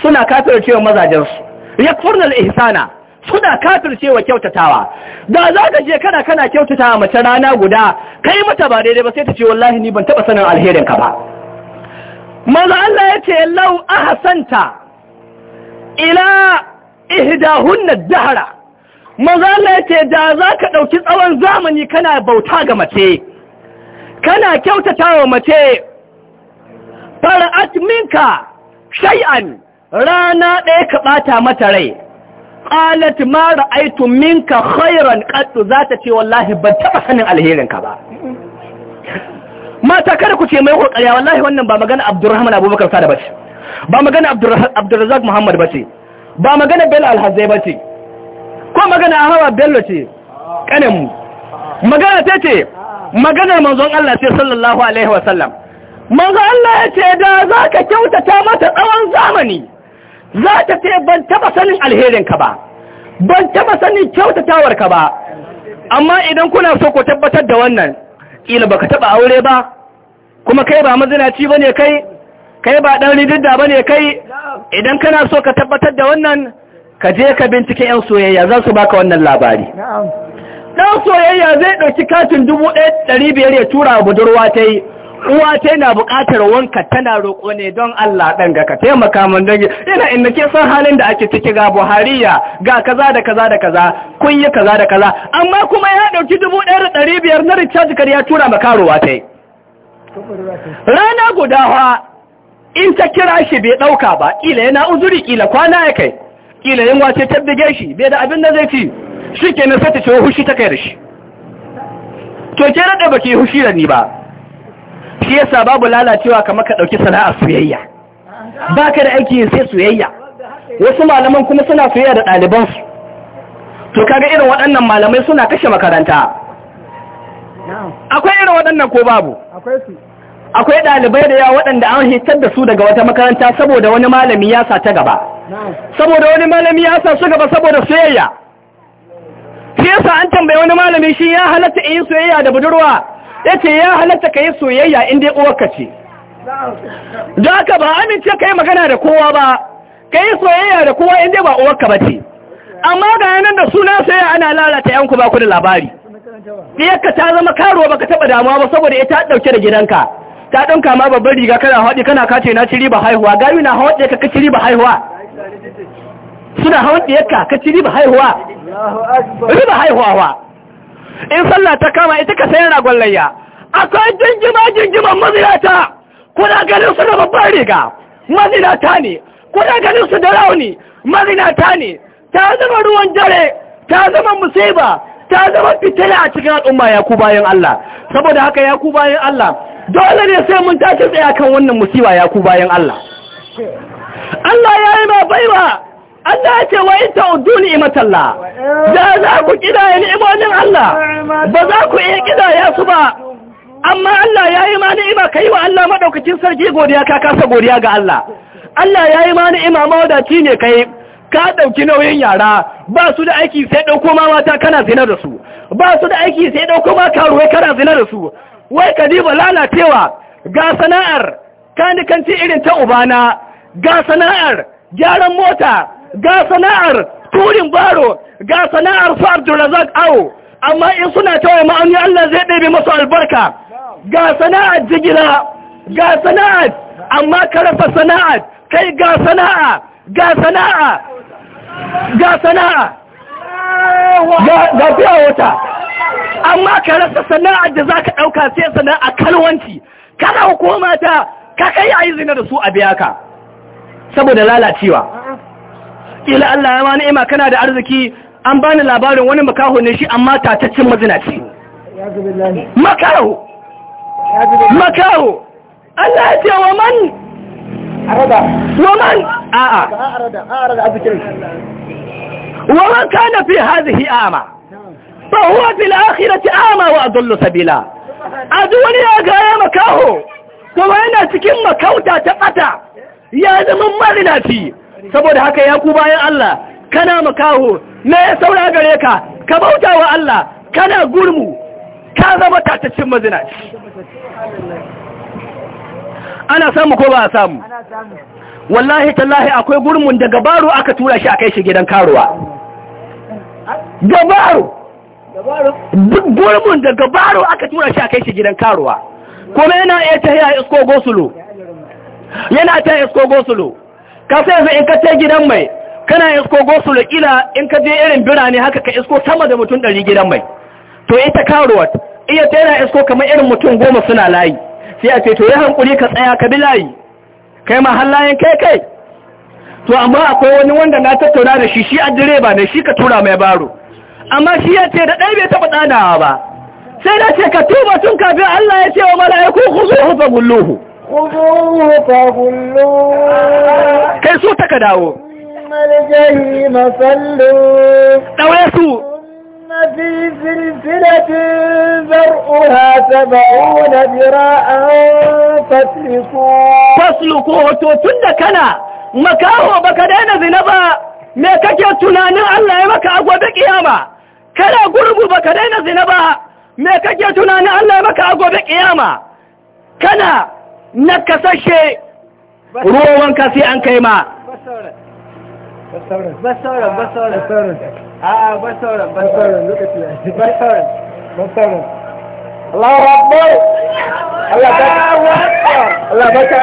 suna kafircewa cewa mazajensu. yakfurna al al'ihsana suna kafircewa kyautatawa da za ka je kana kana kyautata mace rana guda kai mata ba daidai ba sai ta ce wallahi ni ban taba sanin alherin ka ba maza Allah ya ce lau ahsanta ila ihdahunna dahra maza Allah ya ce da za ka ɗauki tsawon zamani kana bauta ga mace kana kyautatawa mace fara'at minka shay'an rana ɗaya ka ɓata mata rai qalat ma ra'aytu minka khairan qad za ta ce wallahi ban taba sanin alherinka ba mata kada ku ce mai kokariya wallahi wannan ba magana Abdurrahman Abubakar Sada bace ba magana Abdurrazzaq Muhammad bace ba magana Bello Alhazai bace ko magana Ahmad Bello ce kanin magana ta ce maganar manzon Allah ce sallallahu alaihi wasallam manzon Allah ya ce da zaka kyautata mata tsawon zamani za ta ce ban taba sanin alherinka ba ban taba sanin kyautatawarka ba amma idan kuna so ku tabbatar da wannan ƙila baka taba aure ba kuma kai ba mazinaci bane kai kai ba dan ba bane kai idan kana so ka tabbatar da wannan ka je ka bincike yan soyayya za su baka wannan labari dan soyayya zai ɗauki katin dubu ɗaya ɗari biyar ya tura budurwa ta yi uwa ta yana buƙatar wanka tana roƙo ne don Allah ɗan ga ka taimaka min don yana inda ke san halin da ake ciki ga Buhariya ga kaza da kaza da kaza kun yi kaza da kaza amma kuma ya ɗauki dubu ɗaya da ɗari biyar na recharge kar ya tura maka ruwa ta yi rana guda fa in ta kira shi bai ɗauka ba ƙila yana uzuri ƙila kwana ya kai ƙila yin wace ta bige shi bai da abin da zai ci shi kenan sai ta ce hushi ta kai da shi to ke raɗa baki hushi da ni ba shi yasa babu lalacewa kamar ka ɗauki sana'ar soyayya ba ka da aiki sai soyayya wasu malaman kuma suna soyayya da ɗalibansu to kaga irin waɗannan malamai suna kashe makaranta akwai irin waɗannan ko babu akwai ɗalibai da yawa waɗanda an hitar da su daga wata makaranta saboda wani malami ya sa ta gaba saboda wani malami ya sa su gaba saboda soyayya shi yasa an tambaye wani malami shi ya halatta in yi soyayya da budurwa ya ce ya halatta ka yi soyayya inda ya uwarka ce don haka ba amince ka yi magana da kowa ba ka yi soyayya da kowa inda ba uwarka ba ce amma ga yanar da suna soyayya ana lalata yanku ba ku da labari ɗiyarka ta zama karuwa ba ka taɓa damuwa ba saboda ita ɗauke da gidanka ta ɗauka ma babbar riga kana haɗe kana kace na ciri ba haihuwa gami na haɗe ka ciri ba haihuwa suna haɗe ka ciri ba haihuwa riba haihuwa in sallah ta kama ita ka sayan ragon layya akwai jingima jinjima mazinata kuna ganin su da babban riga mazinata ne kuna ganin su da rauni mazinata ne ta zama ruwan jare ta zama musiba ta zama fitila a cikin al'umma ya ku bayan Allah saboda haka ya ku bayan Allah dole ne sai mun tashi tsaya kan wannan musiba ya ku bayan Allah Allah ya yi ma baiwa Allah ya ce wa in ta'uddu ni'matallah da za ku kidaya ni'imomin Allah ba za ku iya kidaya su ba amma Allah ya yi ma ni'ima kai wa Allah madaukakin sarki godiya ka kasa godiya ga Allah Allah ya yi ma ni'ima mawadaci ne kai ka ɗauki nauyin yara ba su da aiki sai ɗauko ma mata kana zina da su ba su da aiki sai ɗauko ma karuwai kana zina da su wai ka diba lalacewa ga sana'ar kanikanci irin ta ubana ga sana'ar gyaran mota ga sana'ar turin baro ga sana'ar su abdulrazak awo amma in suna tawaye ma'auni Allah zai ɗabi masu albarka ga sana'ar jigila ga sana'ar amma karfa sana'ar kai ga sana'a ga sana'a ga sana'a ga biya wata amma ka rasa sana'ar da za ka ɗauka sai sana'a kalwanci kana hukuma ta ka kai a yi zina da su a biya ka saboda lalacewa kila Allah ya ma ni'ima kana da arziki an bani labarin wani makaho ne shi amma tataccen mazinaci makaho makaho Allah ya ce wa man wa man a'a wa man ka fi hadhihi a'ma ba huwa fil akhirati a'ma wa adallu sabila a duniya ga ya makaho kuma yana cikin makauta ta ɓata, ya zama mazinaci saboda haka ya ku bayan Allah kana makaho me ya saura gare ka ka bauta wa Allah kana gurmu ka zama tattacin mazinaci ana samu ko ba a samu wallahi tallahi akwai gurmun da gabaru aka tura shi a kai shi gidan karuwa gabaru gurmun da gabaru aka tura shi a kai shi gidan karuwa kuma yana iya yi a iskogosulu yana ta yi gosulo ka sai yanzu in ka ce gidan mai kana isko gosu da in ka je irin birane haka ka isko sama da mutum ɗari gidan mai to ita karuwa iya ta yana isko kamar irin mutum goma suna layi sai a ce to ya hankuri ka tsaya ka bi layi kai ma har kai kai to amma akwai wani wanda na tattauna da shi shi a direba ne shi ka tura mai baro amma shi ya ce da ɗaya bai taɓa tsanawa ba sai na ce ka tuba tun kafin Allah ya ce wa mala'iku ku zo hufa gulluhu خذوه فغلوه كي سو تكداو ثم الجحيم صلوه ثم في سلسلة ذرؤها سبعون ذراعا فاسلكوه فاسلكوه كنا makaho baka daina zina ba me kake tunanin Allah ya maka agobe kiyama kana gurbu ka daina zina ba me kake tunanin Allah ya maka agobe kiyama kana na kasashe ruwan wanka sai an kai ma Allah Akbar Allah baka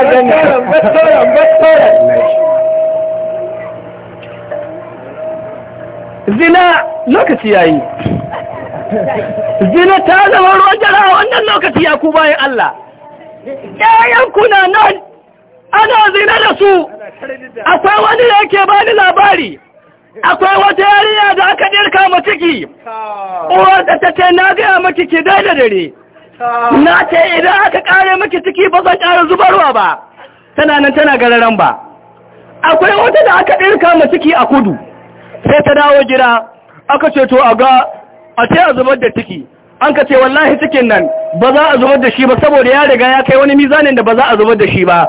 zina lokaci yayi zina ta zama ruwan jara wannan lokaci ya ku bayan Allah ƴaƴanku na nan ana zina da su akwai wani da yake ba ni labari akwai wata yariya da aka ɗirka ma ciki uwar da ta ce na gaya maki ki dai da dare na ce idan aka ƙare maki ciki ba zan ƙara zubarwa ba tana nan tana gararan ba akwai wata da aka ɗirka ma ciki a kudu sai ta dawo gida aka ce to a ga a ce a zubar da ciki an ka ce wallahi cikin nan ba za a zubar da shi ba saboda ya riga ya kai wani mizanin da ba za a zubar da shi ba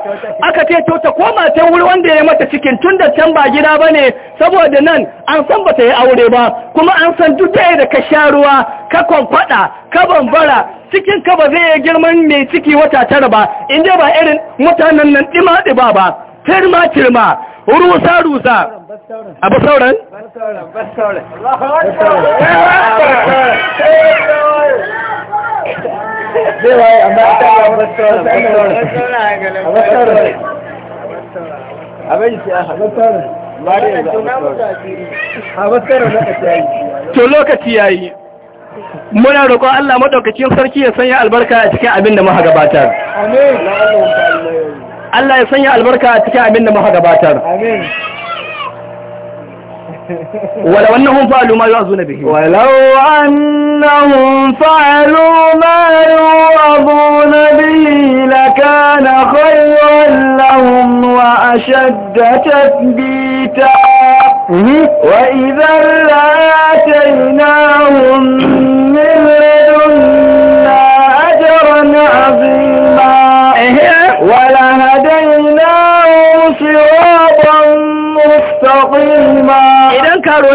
aka ce to ta koma ta wuri wanda ya mata cikin tun da can ba gida ba ne saboda nan an san ba ta yi aure ba kuma an san duk da da ka sha ruwa ka kwamfada ka bambara cikin ka ba zai yi girman mai ciki wata tara ba in dai ba irin mutanen nan ɗima ɗiba ba tirma tirma rusa rusa abu sauran To lokaci muna roƙon Allah maɗaukacin sarki ya sanya albarka a cikin abin da muka gabatar. Allah ya sanya albarka a cikin abin da muka gabatar. Amin. ولو أنهم فعلوا ما يعظون به ولو أنهم فعلوا ما يعظون به لكان خيرا لهم وأشد تثبيتا وإذا لآتيناهم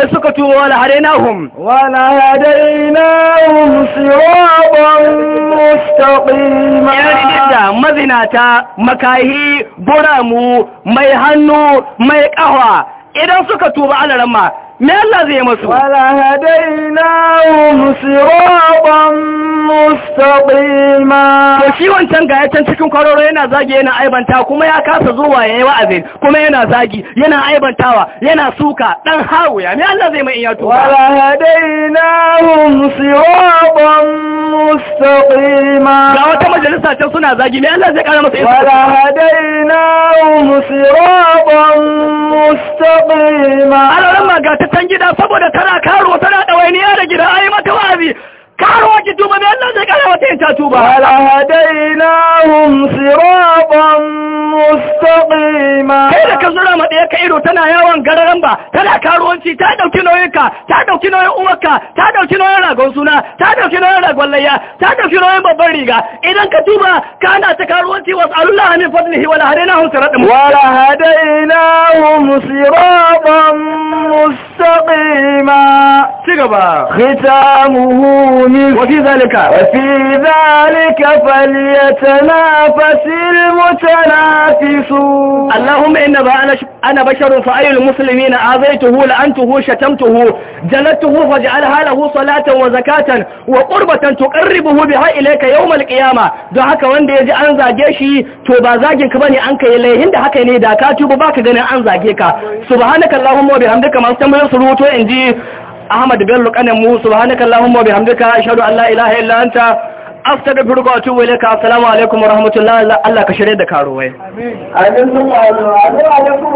sai suka turo wala hadainahum wala hadainahum siratan mustaqima yadda mazinata makahi buramu mai hannu mai kahwa idan suka tuba alaramma me Allah zai masu wala hadainahum siratan mustaqima to shi wancan ga ya can cikin kwararo yana zagi yana aibanta kuma ya kasa zuwa yayi wa'azin kuma yana zagi yana aibantawa yana suka dan ya me Allah zai mai iya tuba wala hadainahum siratan mustaqima ga wata majalisa can suna zagi me Allah zai kara masa isa wala hadainahum siratan mustaqima Allah ran magata ta gida saboda tana karuwa tana ɗawainiya da gida a yi mata wa'azi karo tuba mai Allah zai kara wata yin tuba wala hadainahum siratan mustaqima kai da ka zura ma ka ido tana yawon gararan ba tana karuwanci ta ɗauki nauyin ka ta ɗauki nauyin umarka, ta ɗauki nauyin ragon suna ta ɗauki nauyin ragon layya ta ɗauki nauyin babban riga idan ka tuba kana ta karuwanci wa sallallahu min fadlihi wala hadainahum mu. wala hadainahum siratan mustaqima ci gaba khitamuhu المؤمنين وفي ذلك وفي ذلك فليتنافس المتنافسون اللهم إنما أنا بشر فأي المسلمين آذيته لأنته شتمته جلدته فاجعلها له صلاة وزكاة وقربة تقربه بها إليك يوم القيامة دعك وان دي أن زاجيشي توبا زاجنك بني أنك إليهن دعك ني داكاتي بباك غني أن زاجيك سبحانك اللهم وبحمدك ما استمر سروتو إنجي ahmad bello kanin mu subhanakallahumma wa bihamdika ashhadu an la ilaha illa anta astaghfiruka wa atubu ilayka assalamu alaikum wa rahmatullahi Allah ka shirye da karuwai amin